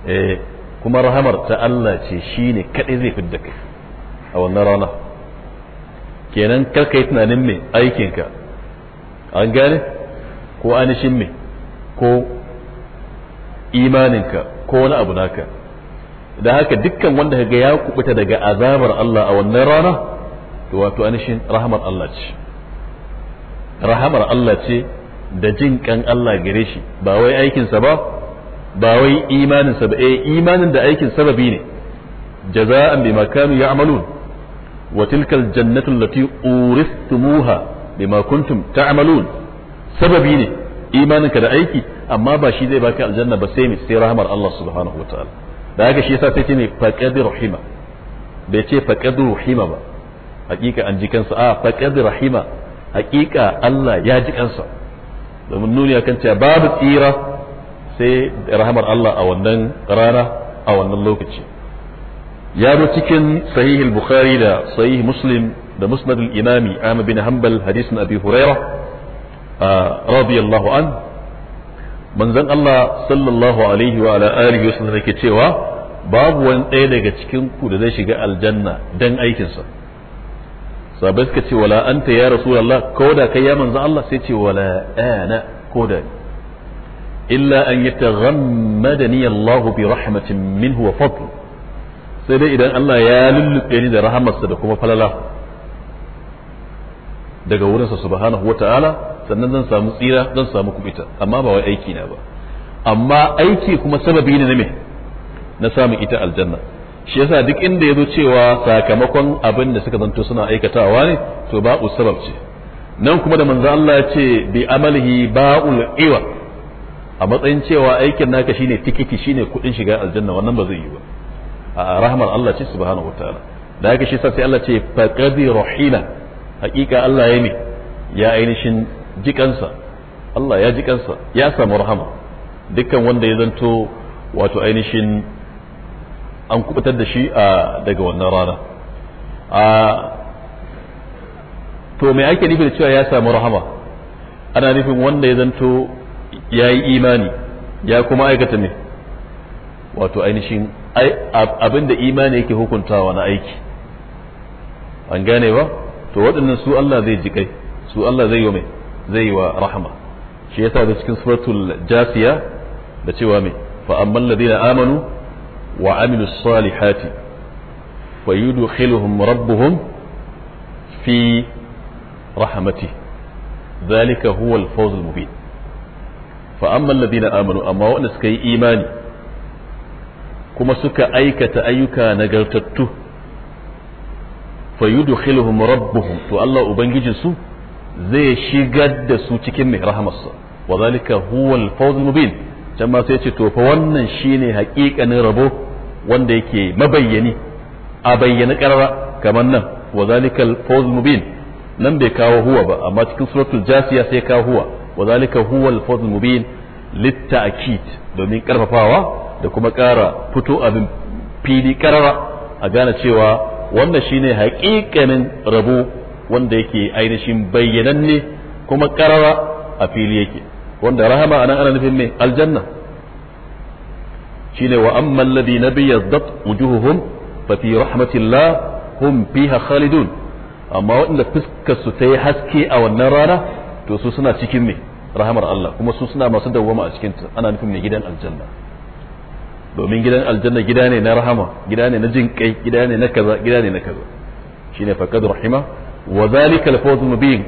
eh kuma rahamar ta Allah ce shine kadai zai da kai a wannan rana kenan karka yi tunanin me aikinka an gane ko Ainihin me ko imaninka ko wani abu naka da haka dukkan wanda kaga ya kubuta daga azabar Allah a wannan rana to wato anishin rahamar Allah ce rahamar Allah ce da jin kan Allah gare shi ba wai aikinsa ba ba wai imaninsa ba eh imanin da aikin sababi ne jaza'an bima kanu ya'malun wa tilkal jannatu allati uristumuha bima kuntum ta'malun sababi ne imaninka da aiki amma ba shi zai baka aljanna ba sai sai rahmar Allah subhanahu wataala da haka shi yasa sai ce ne faqad rahima bai ce faqad rahima ba hakika an ji kansa a ah, faqad rahima hakika Allah ya ji kansa domin nuni akan cewa babu tsira sai rahmar Allah a wannan rana a wannan lokaci ya zo cikin sahihul bukhari da sahih muslim da musnad al-imami ahmad bin hanbal hadisin abi hurairah radiyallahu an manzon Allah sallallahu alaihi wa ala alihi wasallam cewa babu wani ɗaya daga cikin ku da zai shiga aljanna dan aikinsa sabai suka ce wala anta ya rasulullah ko da kai ya manzon Allah sai ce wala ana ko da illa an yataghammadani Allah bi rahmatin min wa fadl sai dai idan Allah ya lulluɓe ni da rahamarsa da kuma falala daga wurinsa subhanahu wata'ala sannan zan samu tsira zan samu kubita amma ba wai aiki na ba amma aiki kuma sababi ne na me na samun ita aljanna shi yasa duk inda yazo cewa sakamakon abin da suka zanto suna aikatawa ne to ba'u sabab ce nan kuma da manzo Allah ya ce bi amalihi ba'ul iwa a matsayin cewa aikin naka shine tikiti shine kudin shiga aljanna wannan ba zai yi ba a rahmar Allah ce subhanahu wataala da haka shi sai Allah ce faqadi rahila hakika Allah ya ne ya ainihin jikansa Allah ya jikansa ya samu rahama dukkan wanda ya zanto wato ainihin an kubutar da shi a daga wannan rana a to me ake nufi da cewa ya samu rahama ana nufin wanda ya zanto ya yi imani ya kuma aikata ne wato ainihin abin da imani yake hukuntawa na aiki an gane ba to waɗannan su Allah zai ji kai su Allah zai yi mai zai yi wa rahama shi yasa da cikin suratul jasiya da cewa mai fa amman ladina amanu wa amilu salihati fa yudkhiluhum rabbuhum fi rahmati zalika huwa al-fawz al-mubin fa amman ladina amanu amma waɗanda suka yi imani kuma suka aikata ayyuka nagartattu fa yudkhiluhum rabbuhum to Allah ubangijin su zai shigar da su cikin mai rahamarsa wa zalika huwa al-fawz mubin can ma sai to fa wannan shine haƙiƙanin rabo wanda yake mabayyani a bayyana karara kamar nan wa zalika al-fawz nan bai kawo huwa ba amma cikin suratul jasiya sai kawo huwa wa zalika huwa al-fawz mubin litta'kid domin karfafawa da kuma ƙara fito abin fili karara a gane cewa wannan shine haƙiƙanin rabo wanda yake ainihin bayyananne kuma karara a fili yake wanda rahama anan ana nufin me aljanna shine wa amma alladhi nabiyyadat wujuhuhum fa fi rahmatillah hum fiha khalidun amma waɗanda fuskar su ta yi haske a wannan rana to su suna cikin me rahamar Allah kuma su suna masu dawwama a cikin ana nufin mai gidan aljanna domin gidan aljanna gida ne na rahama gida ne na jin kai gida ne na kaza gida ne na kaza shine faqad rahima wa zalika al-fawz mubin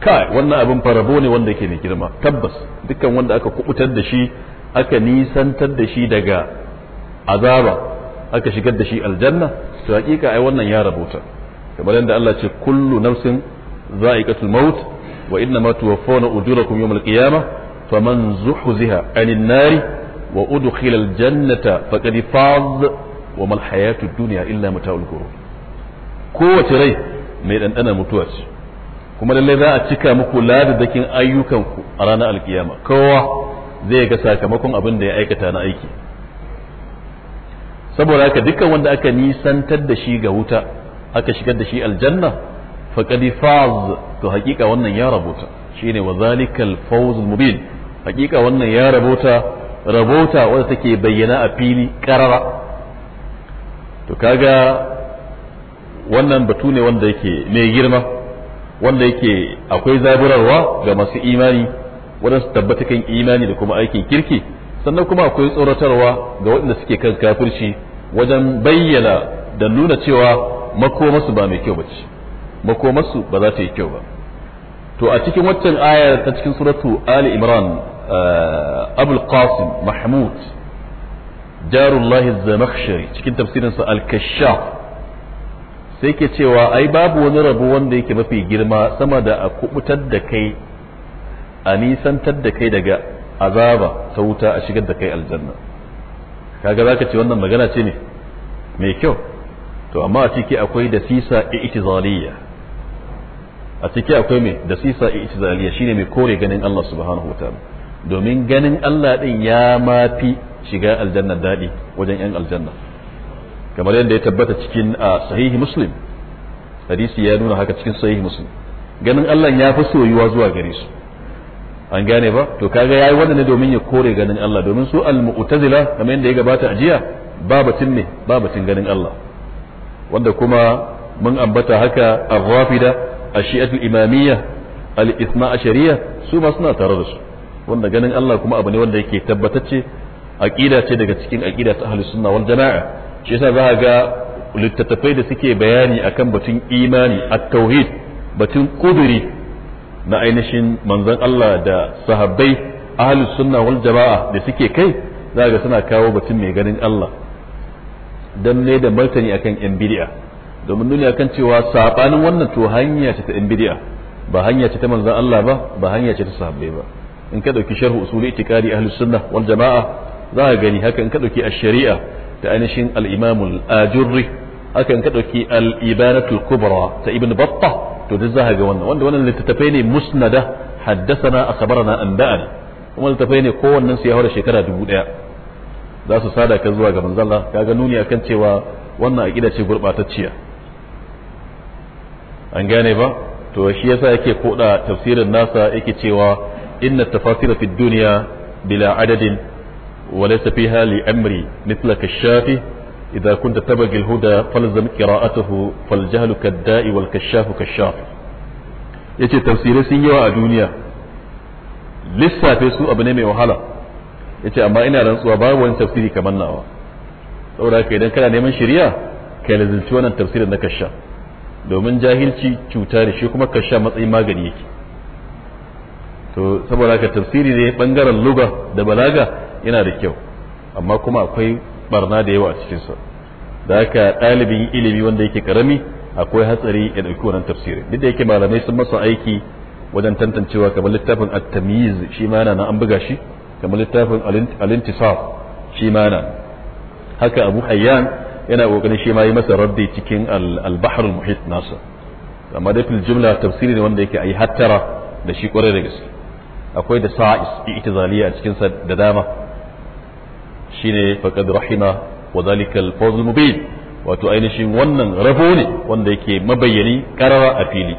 kai wannan abin farabo ne wanda yake ne girma tabbas dukkan wanda aka kubutar da shi aka nisantar da shi daga azaba aka shigar da shi aljanna to hakika ai wannan ya rabota kamar yadda Allah ce kullu nafsin za'iqatul maut wa inna ma tuwaffawna ujurakum yawmal qiyamah faman zuhziha 'anil nari wa udkhila aljannata faqad faz wa mal hayatud dunya illa mata'ul ghurur kowace rai mai dandana mutuwa ce kuma lalle za a cika muku ladadakin ayyukan ku a ranar alkiyama kowa zai ga sakamakon abin da ya aikata na aiki saboda haka dukkan wanda aka nisantar da shi ga wuta aka shigar da shi aljanna faqad faz to hakika wannan ya rabota shine wa zalikal mubin hakika wannan ya rabota rabota wadda take bayyana a fili karara to kaga wannan batu ne wanda yake mai girma wanda yake akwai zaburarwa ga masu imani waɗansu tabbata kan imani da kuma aikin kirki sannan kuma akwai tsoratarwa ga waɗanda suke kan kafirci wajen bayyana da nuna cewa makomasu ba mai kyau ba ce makomasu ba za ta yi kyau ba to a cikin waccan ayar ta cikin suratu ali imran abul qasim mahmud jarullahi zamakhshari cikin tafsirinsa al-kashaf sai ke cewa ai babu wani rabo wanda yake mafi girma sama da a kubutar da kai a nisantar da kai daga azaba ta wuta a shigar da kai aljanna kaga zaka ce wannan magana ce ne mai kyau to amma a ciki akwai da sisa i'tizaliyya a ciki akwai mai da sisa shine mai kore ganin Allah subhanahu wataala domin ganin Allah din ya mafi shiga aljanna daɗi wajen 'yan aljanna kamar yadda ya tabbata cikin a sahihi muslim hadisi ya nuna haka cikin sahihi muslim ganin Allah ya fi soyuwa zuwa gare su an gane ba to kaga yayi wannan ne domin ya kore ganin Allah domin su al-mu'tazila kamar yadda ya gabata a jiya batun ne batun ganin Allah wanda kuma mun ambata haka ar-rafida ash-shi'atul imamiyya al-ithna ashariyya su ma suna tare da su wanda ganin Allah kuma abu ne wanda yake tabbatacce aqida ce daga cikin aqida ta ahlus sunna wal jamaa shi yasa za ga littattafai da suke bayani akan batun imani at-tauhid batun kuduri na ainihin manzon Allah da sahabbai ahlus sunna wal jamaa da suke kai za ga suna kawo batun mai ganin Allah dan ne da martani akan yan domin nuni akan cewa sabanin wannan to hanya ce ta yan ba hanya ce ta manzon Allah ba ba hanya ce ta sahabbai ba in ka ɗauki sharhu usul itiqadi ahlus sunnah wal jamaa za ka gani haka in ka dauki ash-shari'a ta ainihin al-imam al-ajurri haka in ka dauki al-ibanatul kubra ta ibn battah to duk za ka ga wannan wanda wannan littattafai ne musnada haddathana akhbarana anba'ana kuma littattafai ne kowannen su ya haura shekara dubu ɗaya. za su sada ka zuwa ga manzalla kaga nuni akan cewa wannan aqida ce gurbatacciya an gane ba to shi yasa yake koda tafsirin nasa yake cewa إن التفاصيل في الدنيا بلا عدد وليس فيها لأمري مثلك الشافي إذا كنت تبغي الهدى فلزم قراءته فالجهل كالداء والكشاف كالشافي yace tafsirai sun yawa a duniya Lissafi su abu ne mai wahala yace amma ina rantsuwa babu wani tafsiri kamar nawa saboda haka idan kana neman shari'a ka lazilci wannan tafsirin na kasha domin jahilci cuta da shi kuma kasha matsayin magani yake to saboda haka tafsiri ne bangaren luga da balaga yana da kyau amma kuma akwai barna da yawa a cikinsa da haka ɗalibin ilimi wanda yake karami akwai hatsari ya ɗauki wannan tafsiri duk da yake malamai sun masa aiki wajen tantancewa kamar littafin at-tamyiz shi ma yana an buga shi kamar littafin al-intisaf shi ma yana haka Abu Hayyan yana kokarin shi ma yi masa raddi cikin al-bahr al-muhit nasa amma da fil jumla tafsiri ne wanda yake yi hattara da shi kwarai da gaske akwai da sa'a i'tizaliya a cikin sa da dama shine faqad rahima wa zalika al wato ainihin wannan rabo ne wanda yake mabayyani karara a fili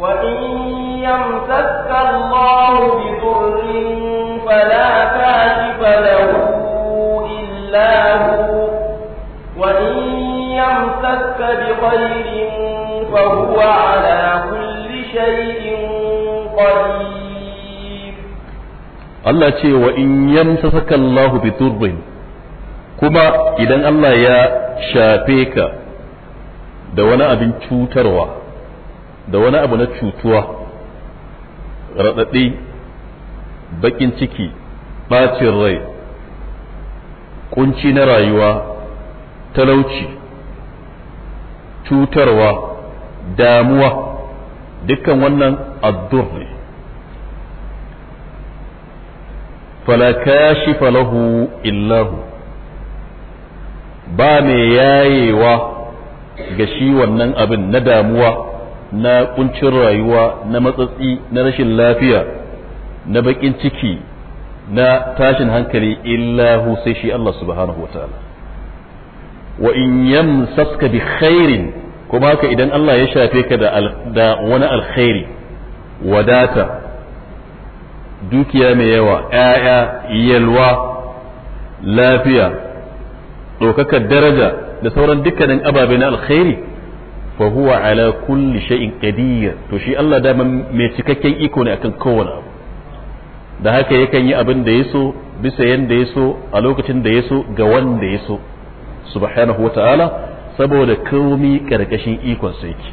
wa in yamsaka Allah bi dhurrin fala kashifa lahu illa hu wa in yamsaka bi khairin fa huwa ala kulli shay'in qadir Allah ce wa in yamsasaka Allahu bi turbin kuma idan Allah ya shafe ka da wani abin cutarwa da wani abu na cutuwa radadi, baƙin ciki ɓacin rai ƙunci na rayuwa talauci cutarwa damuwa dukkan wannan addur fala kashifa lahu illahu ba mai yayewa ga shi wannan abin na damuwa na kuncin rayuwa na matsatsi na rashin lafiya na bakin ciki na tashin hankali illahu sai shi Allah subhanahu wa ta'ala wa in yamsaska bi khairin kuma haka idan Allah ya shafe ka da wani alkhairi wadata dukiya mai yawa ‘ya'ya yalwa lafiya ɗaukakar daraja da sauran dukkanin ababe na alkhairi fa huwa ala kulli shay'in qadir to shi Allah dama mai cikakken iko ne akan kowane abu da haka yakan yi abin da yaso bisa yanda yaso a lokacin da yaso ga wanda yaso subhanahu wataala saboda komi karkashin ikon sa yake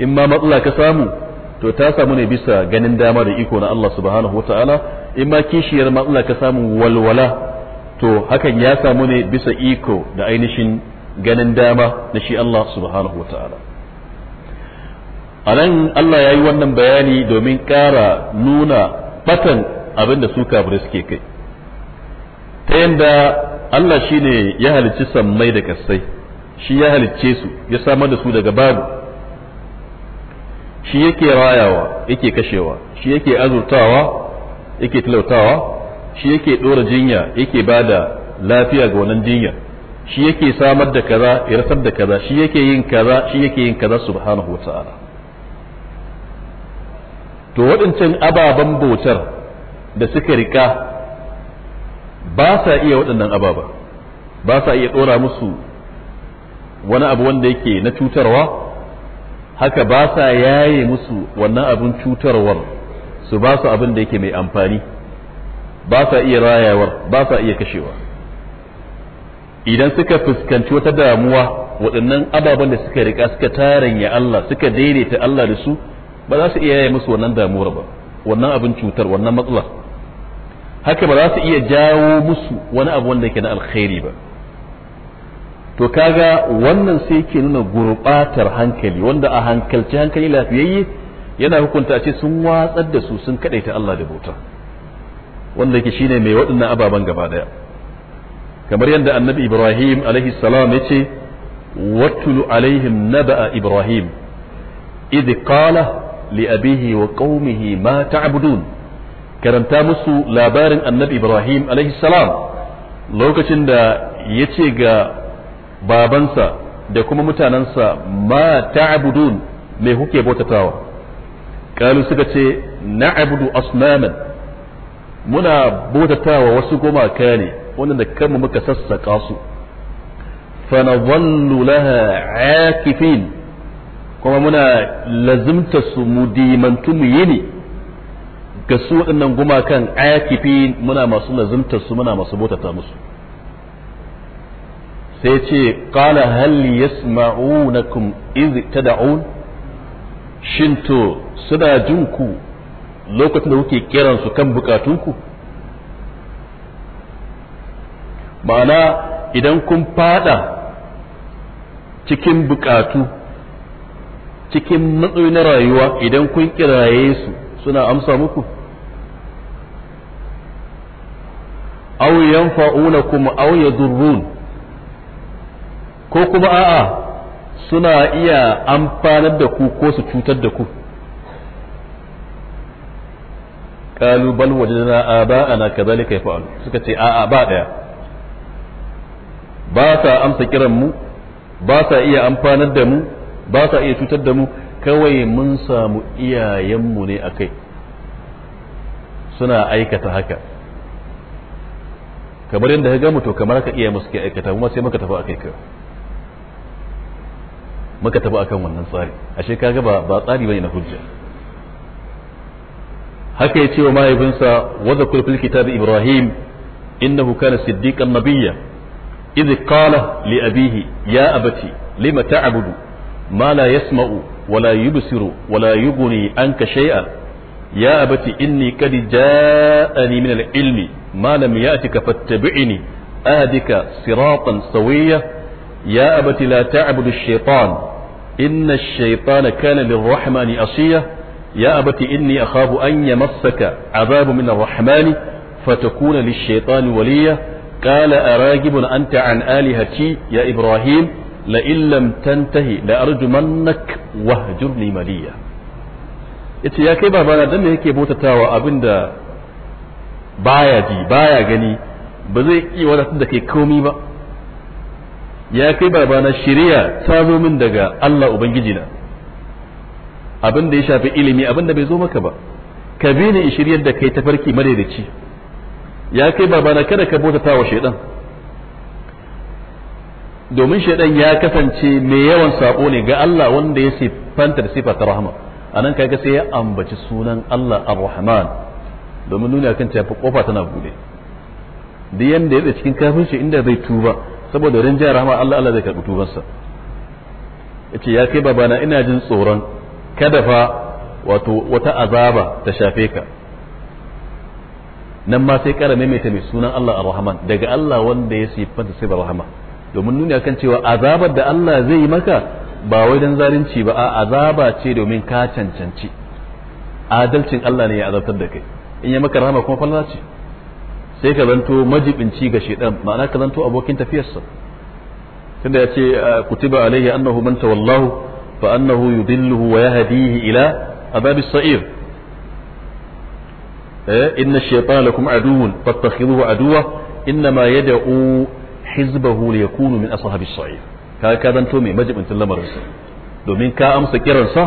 in ma matsala ka samu to ta samu ne bisa ganin dama da iko na Allah subhanahu wa ta'ala in ma kishiyar ma Allah ka samu walwala to hakan ya samu ne bisa iko da ainihin ganin dama na shi Allah subhanahu wa a nan Allah ya yi wannan bayani domin ƙara nuna batan abin da su kafir suke kai ta yanda Allah shi ne ya halicci sammai da kassai shi ya halicce su ya samar da su daga babu shi yake rayawa yake kashewa shi yake azurtawa yake talautawa shi yake ɗora jinya yake ba da lafiya ga wannan jinya shi yake samar da kaza ya da kaza shi yake yin kaza shi yake yin kaza subhanahu wata'ala to waɗancan ababen botar da suka rika ba sa iya waɗannan ababa ba sa iya ɗora musu wani abu wanda yake na cutarwa haka ba sa yaye musu wannan abin cutarwar su ba su abin da yake mai amfani ba sa iya rayawar ba sa iya kashewa idan suka fuskanci wata damuwa waɗannan ababen da suka rika suka taranya Allah suka daidaita Allah da su ba za su iya yaye musu wannan damuwar ba wannan abin cutar wannan matsala haka ba za su iya jawo musu wani abu wanda yake na alkhairi ba to kaga wannan sai yake nuna gurbatar hankali wanda a hankalci hankali lafiyayye yana hukunta ce sun watsar da su sun kadaita Allah da bauta wanda yake shine mai waɗannan ababen gaba daya kamar yadda annabi Ibrahim alaihi salam yace watulu alaihim naba'a Ibrahim idh qala li abihi wa qaumihi ma ta'budun karanta musu labarin annabi Ibrahim alaihi salam lokacin da yace ga babansa da kuma mutanensa ma ta'budun me kuke bautatawa kalu suka ce na'budu asnaman muna bautatawa wasu gumaka ne wanda kanmu muka sassaka su fa nadhallu laha akifin kuma muna lazimta su mu dimantu mu yini ga su waɗannan gumakan akifin muna masu lazimta su muna masu bautata musu sai ce qala hal yasma'unakum iz tad'un shin to suna jin ku lokacin da kuke kiran su kan ku? ma'ana idan kun fada cikin bukatu cikin matsayi na rayuwa idan kun kiraye su suna amsa muku aw yanfa'unakum aw yadurrun ko kuma a'a suna iya amfanar da ku ko su cutar da ku qalu bal wajadna aba'ana kadhalika yaf'alu suka ce a'a ba daya ba sa amsa kiran mu ba sa iya amfanar da mu ba sa iya cutar da mu kawai mun samu iyayenmu ne akai suna aikata haka kamar yadda ka gamu to kamar ka iya musu ke aikata kuma sai muka tafi akai kai muka tafi akan wannan tsari ashe kaga ba ba tsari bane na hujja haka ya ce wa mahaifinsa wadda kulfil kitab ibrahim innahu kana siddiqan nabiyya idh qala li abihi ya abati lima ta'budu ma la yasma'u wa la yubsiru wa la yughni anka shai'a. ya abati inni qad ja'ani min al-ilmi ma lam ya'tika fattabi'ni ahdika siratan sawiyya ya abati la ta'budu ash إن الشيطان كان للرحمن أصية يا أبت إني أخاف أن يمسك عذاب من الرحمن فتكون للشيطان وليا قال أراجب أنت عن آلهتي يا إبراهيم لئن لم تنتهي لأرجمنك واهجرني مليا يا ya kai babana dan بوتا تاوى bautatawa abinda baya ji baya gani ba zai iya wadatar da ya kai babana shari'a ta zo min daga Allah ubangiji na abin da ya shafi ilimi abin da bai zo maka ba ka bi ni shiryar da kai tafarki madaidaici ya kai babana kada ka bota ta wa shaidan domin shaidan ya kasance mai yawan sako ne ga Allah wanda ya sifantar da sifa ta rahama anan kaga sai ya ambaci sunan Allah ar-Rahman domin nuna kan cewa kofa tana bude duk yanda ya cikin kafin shi inda zai tuba saboda jin rahama Allah Allah zai karɓi tubarsa yace ya kai babana ina jin tsoron kada fa wato wata azaba ta shafe ka nan ma sai kara maimaita mai sunan Allah ar-Rahman daga Allah wanda ya siffanta sai rahama domin nuni akan cewa azabar da Allah zai yi maka ba wai dan zalunci ba a azaba ce domin ka cancanci adalcin Allah ne ya azabtar da kai in ya maka rahama kuma falala ce sai ka zanto majibinci ga shedan ma'ana ka zanto abokin tafiyarsa tunda ya ce ah, kutiba alaihi annahu man tawallahu fa annahu yudilluhu wa yahdihi ila adabis sa'ir eh, inna ash-shaytana lakum aduwwun fattakhidhuhu aduwwa innama yad'u hizbahu liyakunu min ashabis sa'ir ka ka zanto mai majibincin lamarin domin ka amsa kiransa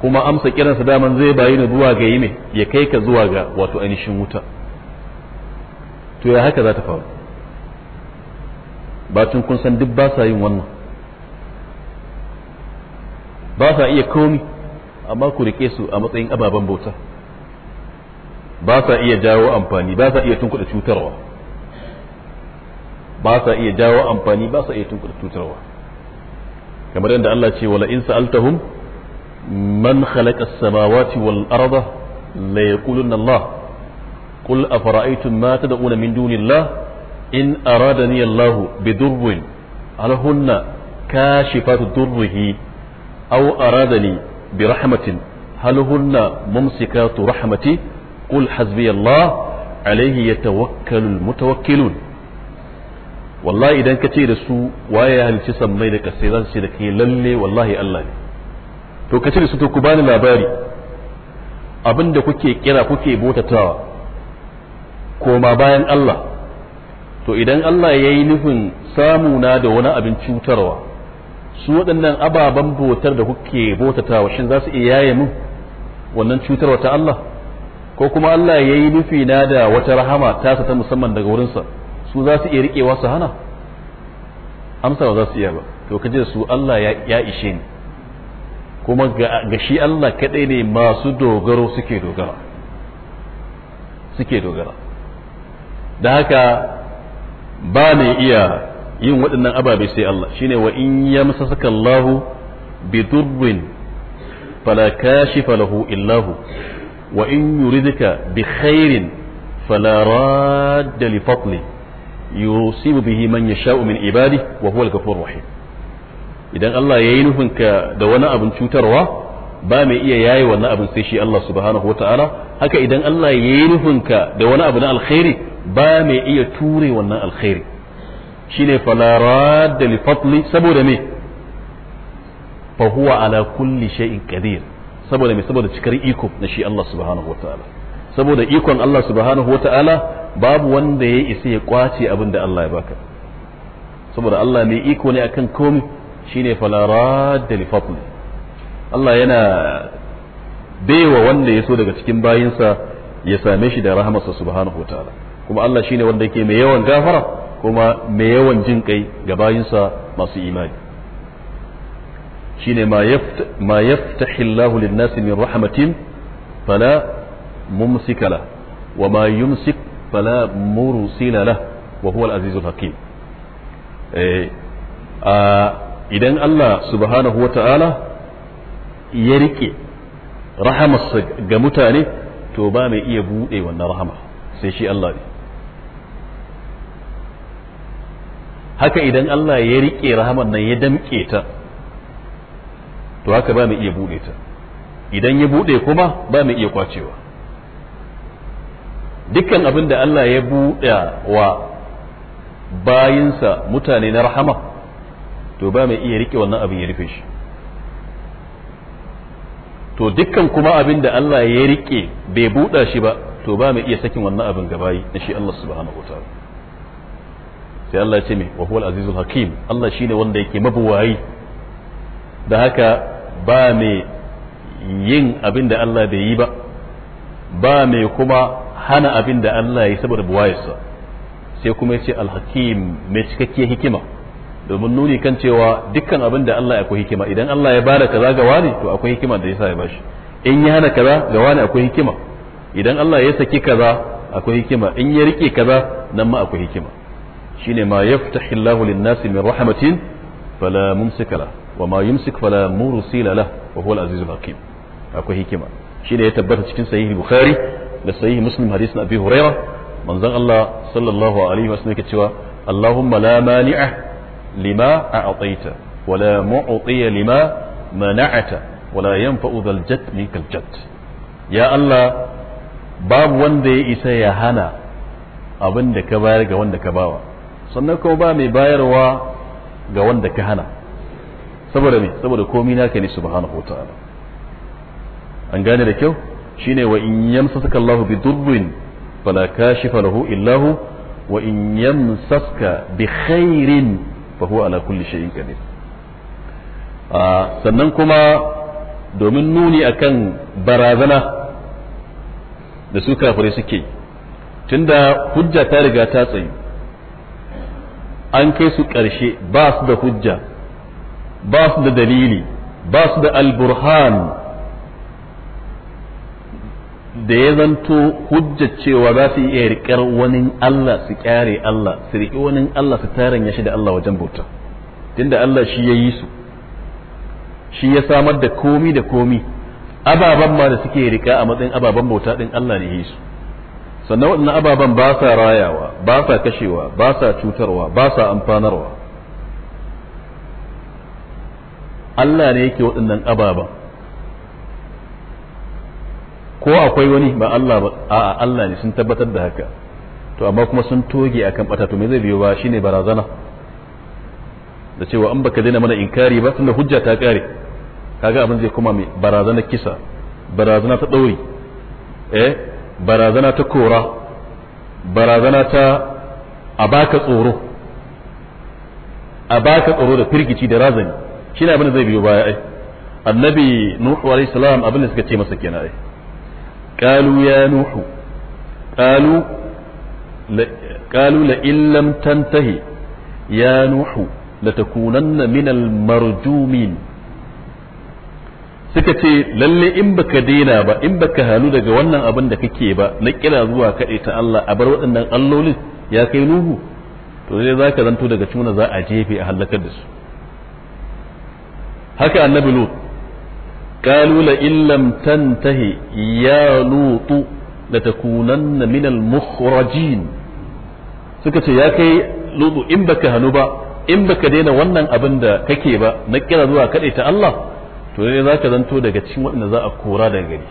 kuma amsa kiransa daman zai bayi zuwa ga yi ya kai ka zuwa ga wato ainihin wuta to ya haka za ta faru batun kun san duk ba sa yin wannan ba sa iya komi amma ku rike su a matsayin ababen bauta ba sa iya jawo amfani ba sa iya tunkuɗa cutarwa ba sa iya jawo amfani ba sa iya tunkuɗa cutarwa kamar yadda Allah ce wala in sa'altahum man khalaqa as-samawati wal arda la yaquluna Allah قل أفرأيتم ما تدعون من دون الله إن أرادني الله بضر هل هن كاشفات ضره أو أرادني برحمة هل هن ممسكات رحمتي قل حسبي الله عليه يتوكل المتوكلون wallahi idan ka ce da su waye ya halicci sammai da kasai za su ce da kai lalle wallahi Allah to ka ce da su ku bani labari abin kuke kira kuke botatawa koma bayan Allah to idan Allah ya yi nufin samuna da wani abin cutarwa su waɗannan ababen botar da kuke bautatawa shin za su iya yaye mun wannan cutarwa ta Allah ko kuma Allah ya yi nufi na da wata rahama tasa ta musamman daga wurinsa su za su iya riƙewa su hana amsa ba za su iya ba to kaje da su Allah ya ishe ni kuma ga shi Allah kaɗai ne masu dogaro suke dogara suke dogara da haka ba mai iya yin waɗannan ababe sai Allah shine wa in yamsasaka Allahu bi durrin fala kashifa lahu illahu wa in yuridka bi khairin fala radda li fadli yusibu bihi man yasha'u min ibadi wa huwa al-ghafurur rahim idan Allah yayi nufinka da wani abin cutarwa ba mai iya yaye wannan abin sai shi Allah subhanahu wataala haka idan Allah ya yi nufinka da wani abu na alkhairi ba mai iya ture wannan alkhairi shine fala radda li fadli saboda me fa huwa ala kulli shay'in qadir saboda me saboda cikar iko na shi Allah subhanahu wataala saboda ikon Allah subhanahu wataala babu wanda ya isa ya kwace abin da Allah ya baka saboda Allah mai iko ne akan komai shine fala radda li fadli Allah yana baiwa wanda ya so daga cikin bayinsa ya same shi da rahamarsa subhanahu wa ta'ala kuma Allah shine wanda yake mai yawan gafara kuma mai yawan jin kai ga bayinsa masu imani shine ma yaftahi lin-nasi min rahmatin fala mumsika la wa ma yumsik fala mursila la wa huwa al-azizul hakim eh, idan Allah subhanahu wa ta'ala ya rike rahamarsa ga mutane to ba mai iya buɗe wannan rahama sai shi Allah ne haka idan Allah ya rike rahamar nan ya damƙe ta to haka ba mai iya buɗe ta idan ya buɗe kuma ba mai iya kwacewa dukkan abin da Allah ya buɗe wa bayinsa mutane na rahama to ba mai iya rike wannan abin ya rufe shi to dukkan kuma abin da Allah ya rike bai buɗa shi ba to ba mu iya sakin wannan abin gaba na shi Allah subhanahu wa ta'ala sai Allah ya ce me wa huwal azizul hakim Allah shine wanda yake mabuwayi da haka ba mai yin abin da Allah bai yi ba ba mai kuma hana abin da Allah ya yi saboda buwayarsa sai kuma ya ce alhakim mai cikakkiyar hikima domin nuni kan cewa dukkan abin da Allah akwai hikima idan Allah ya bada kaza ga wani to akwai hikima da yasa ya bashi in ya hana kaza ga wani akwai hikima idan Allah ya saki kaza akwai hikima in ya rike kaza nan ma akwai hikima shine ma yaftahi Allah lin-nasi min rahmatin fala mumsika la wa ma yumsik fala mursila la wa huwa al-azizul hakim akwai hikima shine ya tabbata cikin sahih bukhari da sahih muslim hadisin abi hurairah manzon Allah sallallahu alaihi wasallam yake cewa Allahumma la mani'a lima a a'taita wala mu'tiya lima mana'ata wala yanfa'u dhal jadd minkal jadd ya Allah babu wanda ya isa ya hana abin da ka bayar ga ka bawa sannan kuma ba mai bayarwa ga wanda ka hana saboda me saboda komai naka ne subhanahu wataala an gane da kyau shine wa in yamsaka Allahu bi durbin fala kashifa lahu illa hu wa in yamsaka bi khairin fa sannan kuma domin nuni akan barazana da su kafirai suke tunda hujja ta riga ta tsayu an kai su ƙarshe ba su da hujja ba su da dalili ba su da alburhan da ya zanto hujjar cewa za su iya riƙar wani Allah su kyare Allah su riƙi wani Allah su tarin ya shi da Allah wajen bauta tunda Allah shi ya yi su shi ya samar da komi da komi ababen ma da suke riƙa a matsayin ababen bauta ɗin Allah ne ya yi su sannan waɗannan ababen ba sa rayawa ba sa kashewa ba sa cutarwa ba sa amfanarwa Allah ne yake waɗannan ababen ko akwai wani ba Allah ba a Allah ne sun tabbatar da haka to amma kuma sun toge akan bata to me zai biyo ba shine barazana da cewa an baka daina mana inkari ba tunda hujja ta kare kaga abin zai kuma mai barazana kisa barazana ta dauri eh barazana ta kora barazana ta a baka tsoro a baka tsoro da firgici da razani shine abin da zai biyo baya ai annabi nuhu alaihi salam abin da suka ce masa kenan ai قالوا يا نوح قالوا قالوا لئن لم تنتهي يا نوح لتكونن من المرجومين suka ce lalle in baka daina ba in baka halu daga wannan abin da kake ba na kira zuwa kaɗai ta Allah a bar waɗannan allolin ya kai nuhu to sai za ka zanto daga cuna za a jefe a hallakar da su haka annabi lut قالوا لئن لم تنتهي يا لوط لتكونن من المخرجين suka ce ya kai lutsu in baka hannu ba in baka daina wannan abin da kake ba na kira zuwa kaɗai ta Allah to ne za ka zanto daga cikin waɗanda za a kora daga gari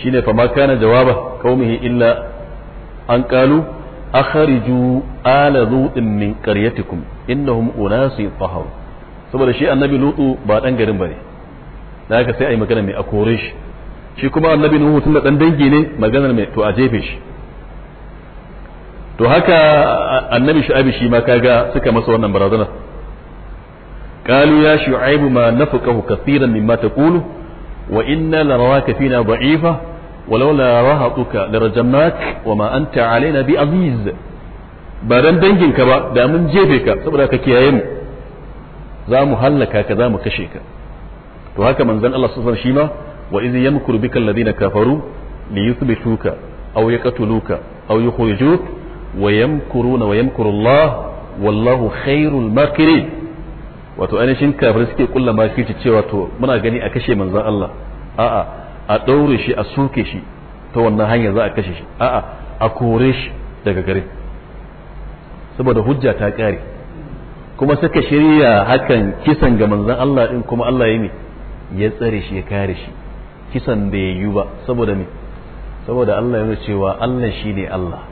shine fa ma kana jawaba qaumihi illa an qalu akhriju ala lutin min qaryatikum innahum unasun tahawun saboda shi annabi lutu ba dan garin bane da haka sai a yi magana mai a kore shi shi kuma annabi nuhu tun da dan dangi ne maganar mai to a jefe shi to haka annabi shu'aibu shi ma kaga suka masa wannan barazana قالوا يا شعيب ما نفقه كثيرا مما تقول وإنا لنراك فينا ضعيفة ولولا رهطك لرجمناك وما أنت علينا da بعدين jefe ka saboda جيبك سبرا mu. za mu hallaka ka za mu kashe ka to haka manzon Allah sallallahu shi ma wa ya yamkuru bika na kafaru li yuthbituka aw yaqtuluka aw yukhrijuk wa yamkuruna wa yamkuru Allah wallahu khairul makiri. wato ainihin kafir suke kulla makirci cewa to muna gani a kashe manzon Allah a'a a ɗaure shi a soke shi ta wannan hanyar za a kashe shi a'a a kore shi daga gare saboda hujja ta kare kuma suka shirya hakan kisan ga manzon Allah din kuma Allah ya ne ya tsare shi ya kare shi kisan da ya yi ba saboda me saboda Allah ya cewa Allah shi ne Allah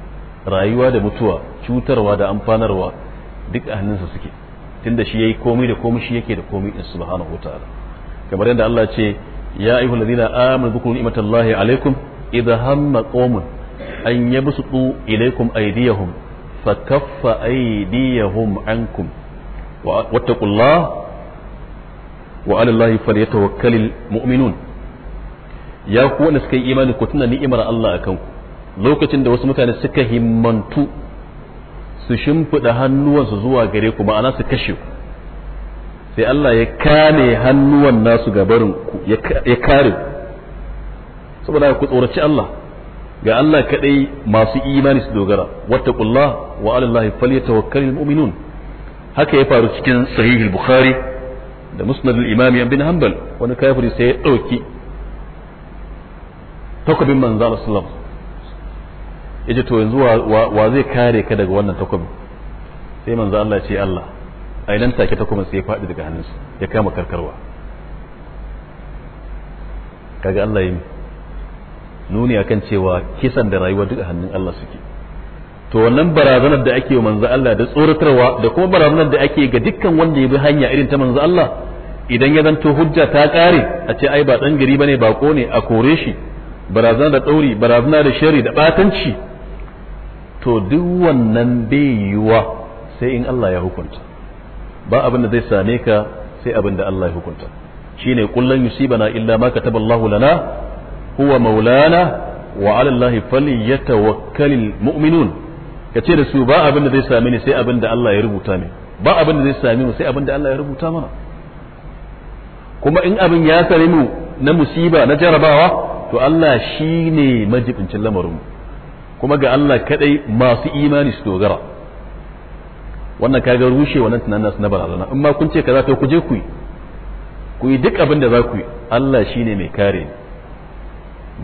rayuwa da mutuwa cutarwa da amfanarwa duk a hannunsa suke tunda shi yayi komai da komai shi yake da komai din subhanahu wataala kamar yadda Allah ce ya ayyuhal ladina amanu dhkuru ni'matallahi alaikum idha hamma qaumun an yabsutu ilaykum aydiyahum fakaffa aydiyahum ankum واتقوا الله وعلى الله فليتوكل المؤمنون ya ku wanda suka yi imani ku tuna ni'imar Allah a kanku lokacin da wasu mutane suka himmantu su shimfiɗa hannuwansu zuwa gare ku ma'ana su kashe ku sai Allah ya kame hannuwan nasu gabarin ku ya kare ku saboda ku tsoraci Allah ga Allah kaɗai masu imani su dogara wattaqullah wa ala Allah falyatawakkalul mu'minun haka ya faru cikin sahihul bukhari da musnadul imami bin hanbal wani kafiri sai ya ɗauki takobin manzo Allah sallallahu yace to yanzu wa zai kare ka daga wannan takobin sai manzo Allah ce Allah a nan take takobin sai ya faɗi daga hannunsa ya kama karkarwa kaga Allah yi nuni akan cewa kisan da rayuwa duk a hannun Allah suke to wannan barazanar da ake manzo Allah da tsoratarwa da kuma barazanar da ake ga dukkan wanda ya bi hanya irin ta manzo Allah idan ya zanto hujja ta kare a ce ai ba dan gari bane bako ne a kore shi barazana da tsauri barazana da shari da batanci to duk wannan bai yiwa sai in Allah ya hukunta ba abin da zai same ka sai abin da Allah ya hukunta shine kullun yusibana illa ma kataballahu lana huwa maulana wa ala allahi falyatawakkalul mu'minun ka ce da su ba abin da zai sami ni sai abin da Allah ya rubuta ne ba abin da zai sami mu sai abin da Allah ya rubuta mana kuma in abin ya sare mu na musiba na jarabawa to Allah shi ne majibincin lamarin kuma ga Allah kadai masu imani su dogara wannan kaga rushe wannan tunanin nasu na barazana in ma kun ce kaza to ku je ku yi ku duk abin da za ku yi Allah shi ne mai kare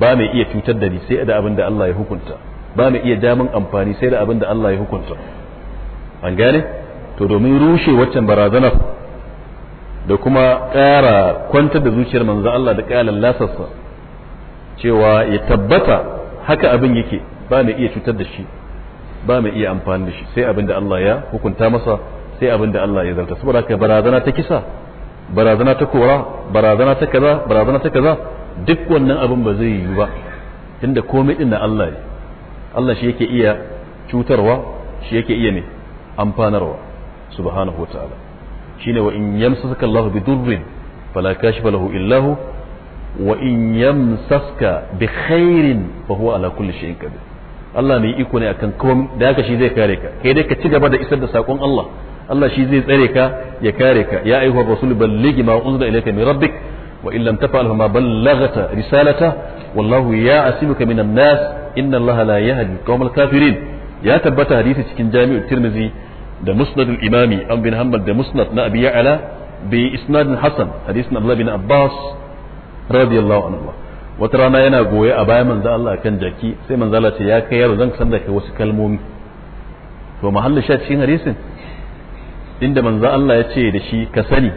ba mai iya cutar da ni sai da abin da Allah ya hukunta ba mu iya damun amfani sai da abin da Allah ya hukunta an gane to domin rushe waccan barazanar da kuma ƙara kwantar da zuciyar manzo Allah da ƙalan lasarsa cewa ya tabbata haka abin yake ba mu iya cutar da shi ba mu iya amfani da shi sai abin da Allah ya hukunta masa sai abin da Allah ya zarta saboda haka barazana ta kisa barazana ta kora barazana ta kaza barazana ta kaza duk wannan abin ba zai yiwu ba inda komai din na Allah ne Allah shi yake iya cutarwa shi yake iya ne amfanarwa subhanahu wataala shine wa in yamsaka Allah bi durrin fala kashifa lahu illa hu wa in yamsaska bi khairin fa huwa ala kulli shay'in qadir Allah mai iko ne akan komai da haka shi zai kare ka kai dai ka ci gaba da isar da sakon Allah Allah shi zai tsare ka ya kare ka ya ayyuhar rasul balligi ma unzila ilayka min rabbik wa in lam taf'al ma ballaghta risalata wallahu ya ya'simuka minan nas inna allaha la yahdi qawmal kafirin ya tabbata hadisi cikin jami'u tirmizi da musnadul imami an bin hanbal da musnad na abi ya'ala bi isnadin hasan hadisin abdullah bin abbas radiyallahu anhu wata rana yana goye a bayan manzo Allah kan jaki sai manzo Allah ce ya kai yaro zan san da kai wasu kalmomi to mahallin sha cikin hadisin inda manzo Allah ya ce da shi ka sani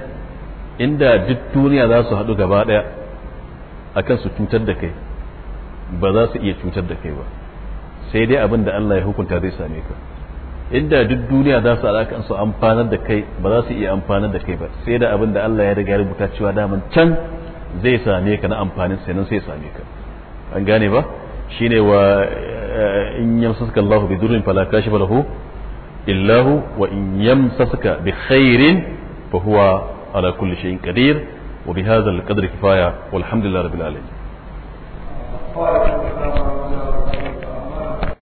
inda duk duniya za su haɗu gaba ɗaya akan su cutar da kai ba za su iya cutar da kai ba sai dai abin da Allah ya hukunta zai same ka inda duk duniya za su alaka su amfanar da kai ba za su iya amfanar da kai ba sai da abin da Allah ya riga rubuta cewa daman can zai same ka na amfanin sai nan sai same ka an gane ba shine wa eh, in yamsaka Allahu bi durrin fala kashifa lahu illahu wa in yamsaka bi khairin fa huwa ala kulli shay'in qadir wa bi hadha al-qadri kifaya walhamdulillahi قال